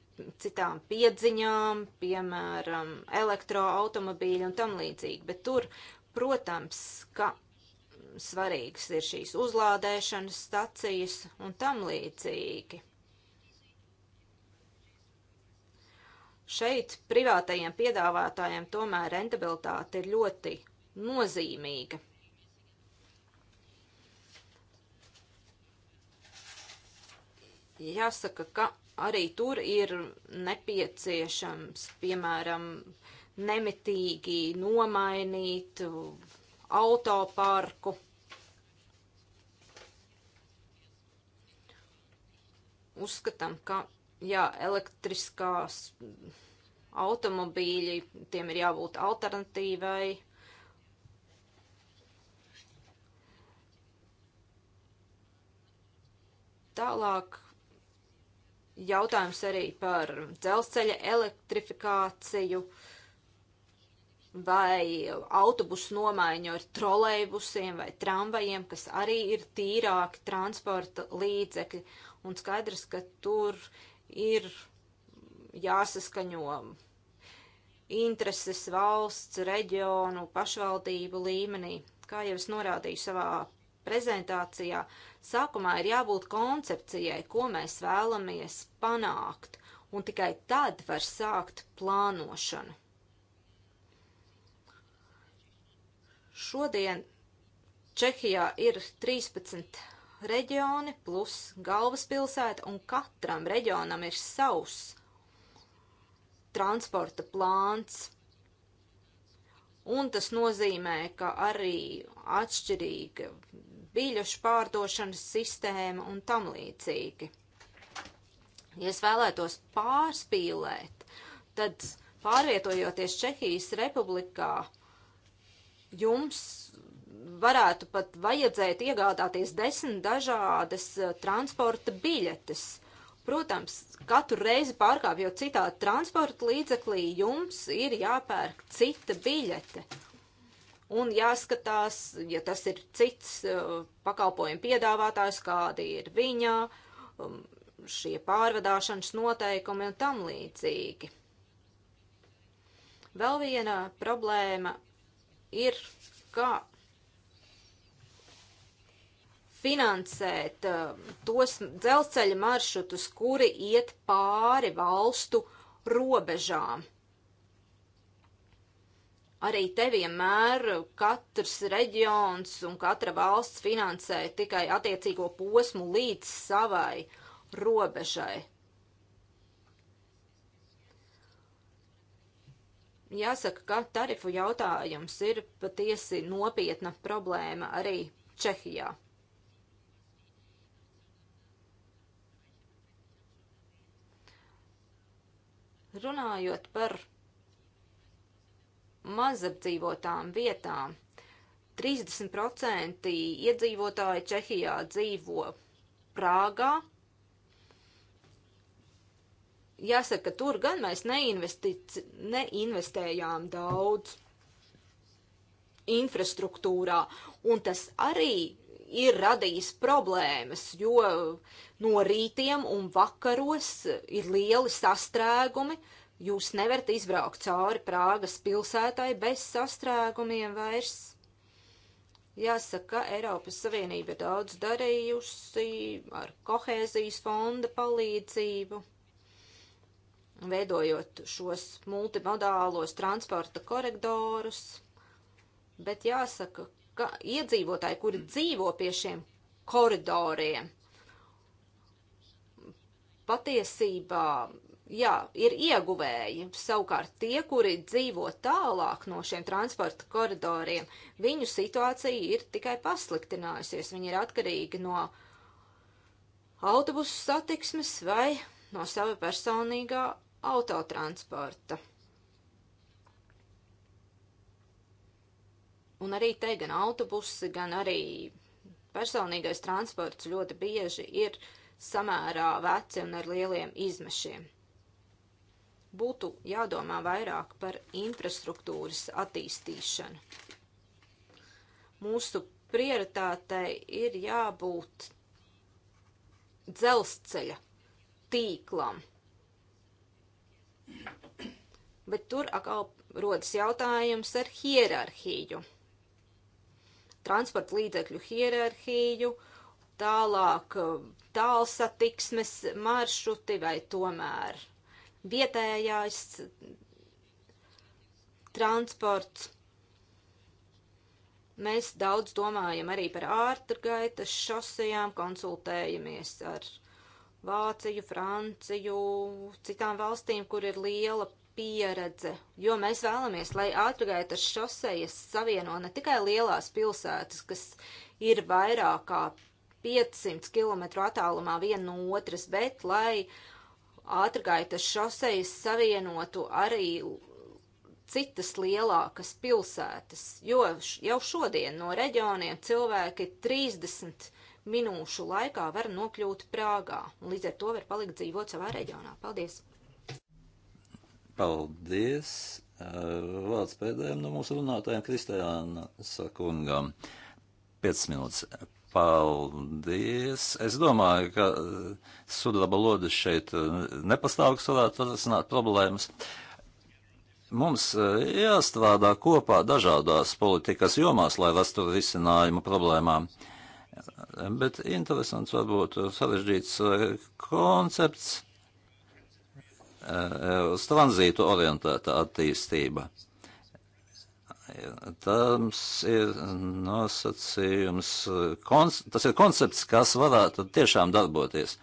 S1: citām piedziņām, piemēram, elektroautomobīļi un tam līdzīgi. Bet tur, protams, ka svarīgas ir šīs uzlādēšanas stacijas un tam līdzīgi. Šeit privātajiem piedāvātājiem tomēr rentabilitāte ir ļoti nozīmīga. Jāsaka, ka arī tur ir nepieciešams, piemēram, nemitīgi nomainīt autoparku. Uzskatām, ka jā, elektriskās automobīļi, tiem ir jābūt alternatīvai. Tālāk jautājums arī par dzelzceļa elektrifikāciju vai autobusu nomaiņu ar trolejbusiem vai tramvajiem, kas arī ir tīrāki transporta līdzekļi. Un skaidrs, ka tur ir ir jāsaskaņo intereses valsts, reģionu, pašvaldību līmenī. Kā jau es norādīju savā prezentācijā, sākumā ir jābūt koncepcijai, ko mēs vēlamies panākt, un tikai tad var sākt plānošanu. Šodien Čehijā ir 13 reģioni plus galvaspilsēta, un katram reģionam ir savs transporta plāns. Un tas nozīmē, ka arī atšķirīga biļešu pārdošanas sistēma un tam līdzīgi. Ja es vēlētos pārspīlēt, tad pārvietojoties Čehijas republikā, jums varētu pat vajadzēt iegādāties desmit dažādas eh, transporta biļetes. Protams, katru reizi pārkāpjot citā transporta līdzeklī, jums ir jāpērk cita biļete. Un jāskatās, ja tas ir cits eh, pakalpojumu piedāvātājs, kādi ir viņa, um, šie pārvadāšanas noteikumi un tam līdzīgi. Vēl viena problēma ir, kā finansēt um, tos dzelzceļa maršrutus, kuri iet pāri valstu robežām. Arī te vienmēr katrs reģions un katra valsts finansē tikai attiecīgo posmu līdz savai robežai. Jāsaka, ka tarifu jautājums ir patiesi nopietna problēma arī Čehijā. Runājot par mazapdzīvotām vietām, 30% iedzīvotāji Čehijā dzīvo Prāgā. Jāsaka, tur gan mēs neinvestējām daudz infrastruktūrā, un tas arī ir radījis problēmas, jo no rītiem un vakaros ir lieli sastrēgumi. Jūs nevarat izbraukt cauri Prāgas pilsētai bez sastrēgumiem vairs. Jāsaka, ka Eiropas Savienība ir daudz darījusi ar kohēzijas fonda palīdzību veidojot šos multimodālos transporta koridorus. Bet jāsaka, ka iedzīvotāji, kuri dzīvo pie šiem koridoriem, patiesībā, jā, ir ieguvēji. Savukārt tie, kuri dzīvo tālāk no šiem transporta koridoriem, viņu situācija ir tikai pasliktinājusies. Viņi ir atkarīgi no autobusu satiksmes vai no sava personīgā autotransporta. Un arī te gan autobusi, gan arī personīgais transports ļoti bieži ir samērā veci un ar lieliem izmešiem. Būtu jādomā vairāk par infrastruktūras attīstīšanu. Mūsu prioritātei ir jābūt dzelzceļa tīklam. Bet tur atkal rodas jautājums ar hierarhiju transporta līdzekļu hierarhiju, tālāk uh, tālsatiksmes maršruti vai tomēr vietējais transports. Mēs daudz domājam arī par ārtergaitas šosejām, konsultējamies ar Vāciju, Franciju, citām valstīm, kur ir liela pieredze, jo mēs vēlamies, lai ātrgaitas šosejas savieno ne tikai lielās pilsētas, kas ir vairāk kā 500 km attālumā viena no otras, bet lai ātrgaitas šosejas savienotu arī citas lielākas pilsētas, jo jau šodien no reģioniem cilvēki 30 minūšu laikā var nokļūt Prāgā, un līdz ar to var palikt dzīvot savā reģionā. Paldies!
S2: Paldies eh, vārds pēdējiem no mūsu runātājiem Kristiāna Sakungam. 5 minūtes. Paldies. Es domāju, ka eh, sudraba lodas šeit eh, nepastāv, kas varētu atrasināt problēmas. Mums jāstrādā kopā dažādās politikas jomās, lai rastu risinājumu problēmām. Bet interesants varbūt sarežģīts koncepts uz tranzītu orientēta attīstība. Tas ir nosacījums, tas ir koncepts, kas varētu tiešām darboties.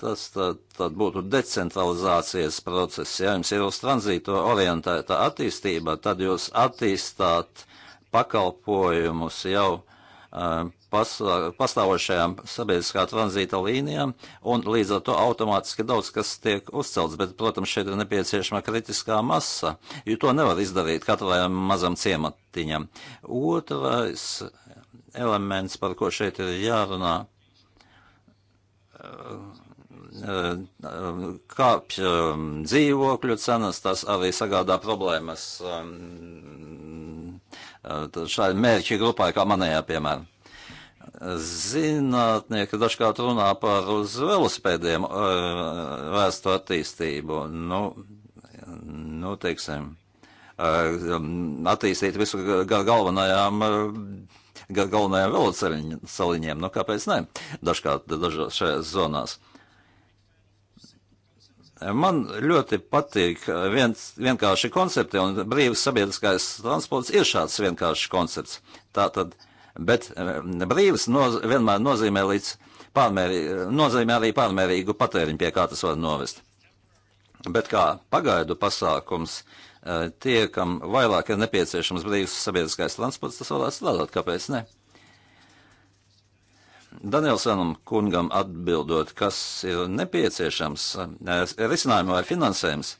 S2: Tas tad, tad būtu decentralizācijas process. Ja jums ir uz tranzītu orientēta attīstība, tad jūs attīstāt pakalpojumus jau uh, pas, pastāvošajām sabiedriskā tranzīta līnijām, un līdz ar to automātiski daudz kas tiek uzcelts, bet, protams, šeit ir nepieciešama kritiskā masa, jo to nevar izdarīt katram mazam ciematiņam. Otrais elements, par ko šeit ir jārunā, kāpj dzīvokļu cenas, tas arī sagādā problēmas šai mērķi grupai, kā manējā, piemēram. Zinātnieki dažkārt runā par uz velospēdiem vēstu attīstību. Nu, nu teiksim, attīstīt visu gar galvenajām, gar galvenajām velosaliņiem. Nu, kāpēc ne? Dažkārt dažās šajās zonās. Man ļoti patīk eh, viens vienkārši koncepti, un brīvs sabiedriskais transports ir šāds vienkāršs koncepts. Tātad, bet eh, brīvs noz, vienmēr nozīmē, līdz pārmērī, nozīmē arī pārmērīgu patēriņu, pie kā tas var novest. Bet kā pagaidu pasākums eh, tie, kam vairāk ir nepieciešams brīvs sabiedriskais transports, tas varētu strādāt, kāpēc ne? Danielsonam kungam atbildot, kas ir nepieciešams, eh, risinājumu vai finansējums,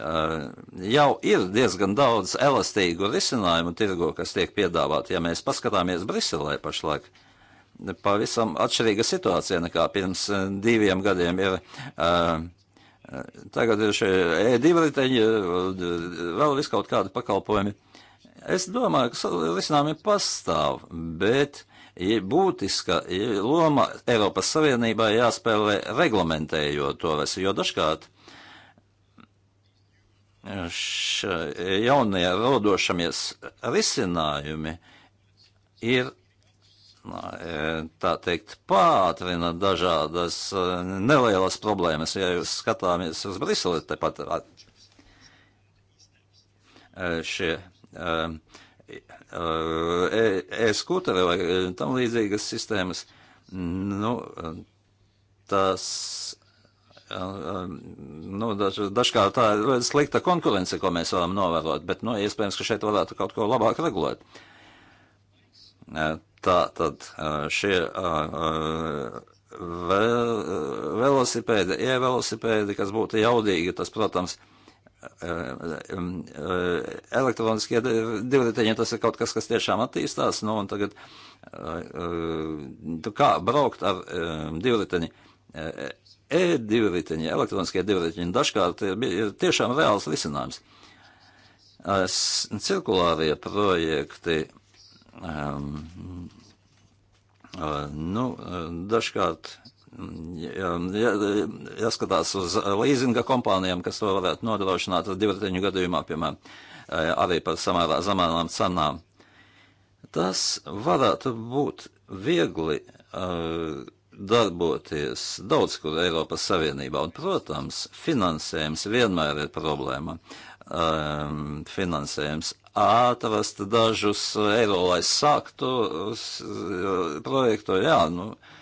S2: eh, jau ir diezgan daudz elastīgu risinājumu tirgo, kas tiek piedāvāti. Ja mēs paskatāmies Briselē pašlaik, pavisam atšķirīga situācija nekā pirms eh, diviem gadiem ir. Tagad ir šie e-divi riteņi, vēl vis kaut kādi pakalpojumi. Es domāju, ka risinājumi pastāv, bet būtiska loma Eiropas Savienībā jāspēlē reglamentējot to visu, jo dažkārt jaunie rodošamies risinājumi ir e, tā teikt, pātrina dažādas e, nelielas problēmas, ja jūs skatāmies uz Briseli, tepat e, šie uh, Uh, e, e-skuteri vai tam līdzīgas sistēmas, nu, tas, uh, nu, daž, dažkārt tā ir slikta konkurence, ko mēs varam novērot, bet, nu, iespējams, ka šeit varētu kaut ko labāk regulēt. Uh, tā tad šie velosipēdi, e-velosipēdi, kas būtu jaudīgi, tas, protams, ir Eh, eh, elektroniskie divreiteņi, tas ir kaut kas, kas tiešām attīstās, nu, un tagad eh, tu kā braukt ar divriteņi, e-divriteņi, elektroniskie divriteņi, dažkārt ir, ir tiešām reāls risinājums. Cirkulārie projekti, um, nu, dažkārt ja, jāskatās uz līzinga kompānijām, kas to varētu nodrošināt divriteņu gadījumā, piemēram, eh, arī par samērā zemām cenām. Tas varētu būt viegli uh, darboties daudz kur Eiropas Savienībā, un, protams, finansējums vienmēr ir problēma. Um, finansējums atrast dažus eiro, lai sāktu uh, projektu, jā, nu, uh,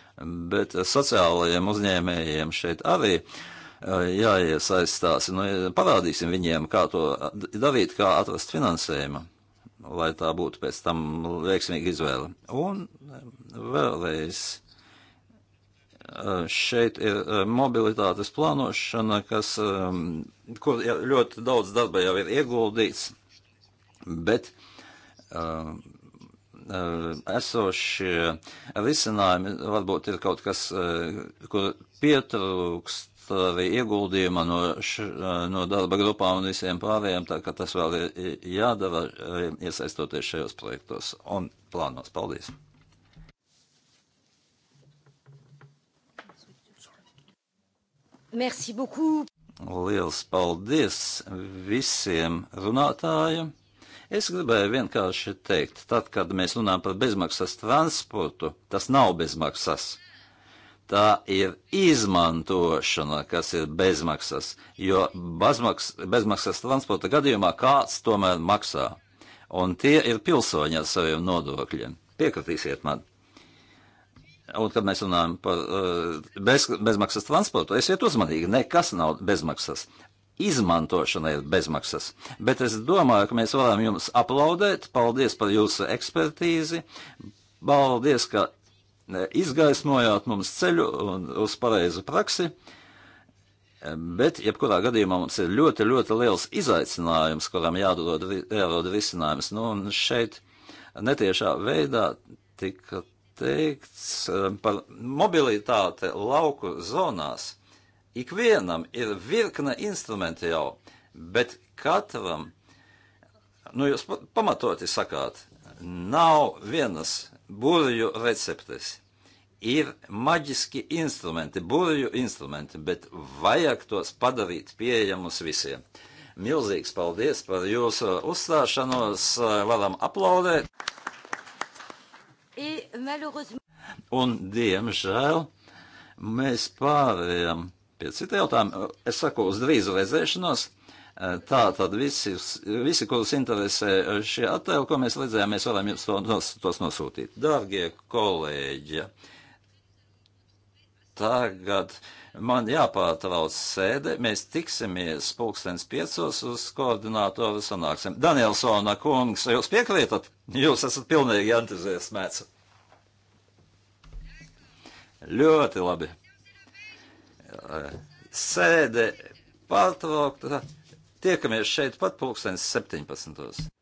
S2: bet sociālajiem uzņēmējiem šeit arī eh, jāiesaistās. Nu, parādīsim viņiem, kā to darīt, kā atrast finansējumu, lai tā būtu pēc tam veiksmīga izvēle. Un eh, vēlreiz eh, šeit ir mobilitātes plānošana, kas, kur ļoti daudz darba jau ir ieguldīts, bet Eh, esošie risinājumi varbūt ir kaut kas, eh, kur pietrūkst arī ieguldījuma no, š, eh, no darba grupām un visiem pārējiem, tā ka tas vēl ir jādara, iesaistoties šajos projektos un plānos. Paldies!
S1: Merci beaucoup!
S2: Liels paldies visiem runātājiem! Es gribēju vienkārši teikt, tad, kad mēs runājam par bezmaksas transportu, tas nav bezmaksas. Tā ir izmantošana, kas ir bezmaksas, jo bezmaks, bezmaksas transporta gadījumā kāds tomēr maksā. Un tie ir pilsoņi ar saviem nodokļiem. Piekritīsiet man. Un, kad mēs runājam par uh, bez, bezmaksas transportu, esiet uzmanīgi, nekas nav bezmaksas izmantošana ir bezmaksas. Bet es domāju, ka mēs varam jums aplaudēt. Paldies par jūsu ekspertīzi. Paldies, ka e, izgaismojāt mums ceļu uz pareizu praksi. Bet, jebkurā gadījumā, mums ir ļoti, ļoti liels izaicinājums, kuram jādod, jādod risinājums. Nu, un šeit netiešā veidā tika teikts e, par mobilitāte lauku zonās. Ikvienam ir virkne instrumenti jau, bet katram, nu jūs pamatoti sakāt, nav vienas burvju receptes. Ir maģiski instrumenti, burvju instrumenti, bet vajag tos padarīt pieejamus visiem. Milzīgs paldies par jūsu uzstāšanos, varam aplaudēt. Un, diemžēl, mēs pārējām pie cita jautājuma. Es saku uz drīzu redzēšanos. E, tā tad visi, visi kurus interesē šie attēli, ko mēs redzējām, mēs varam jums to, nos, tos nosūtīt. Dārgie kolēģi, tagad man jāpārtrauc sēde. Mēs tiksimies pulkstens piecos uz koordinātoru sanāksim. Danielsona kungs, jūs piekrītat? Jūs esat pilnīgi entuziasmēts. Ļoti labi sēde pārtraukta. Tiekamies šeit pat pulkstenis 17.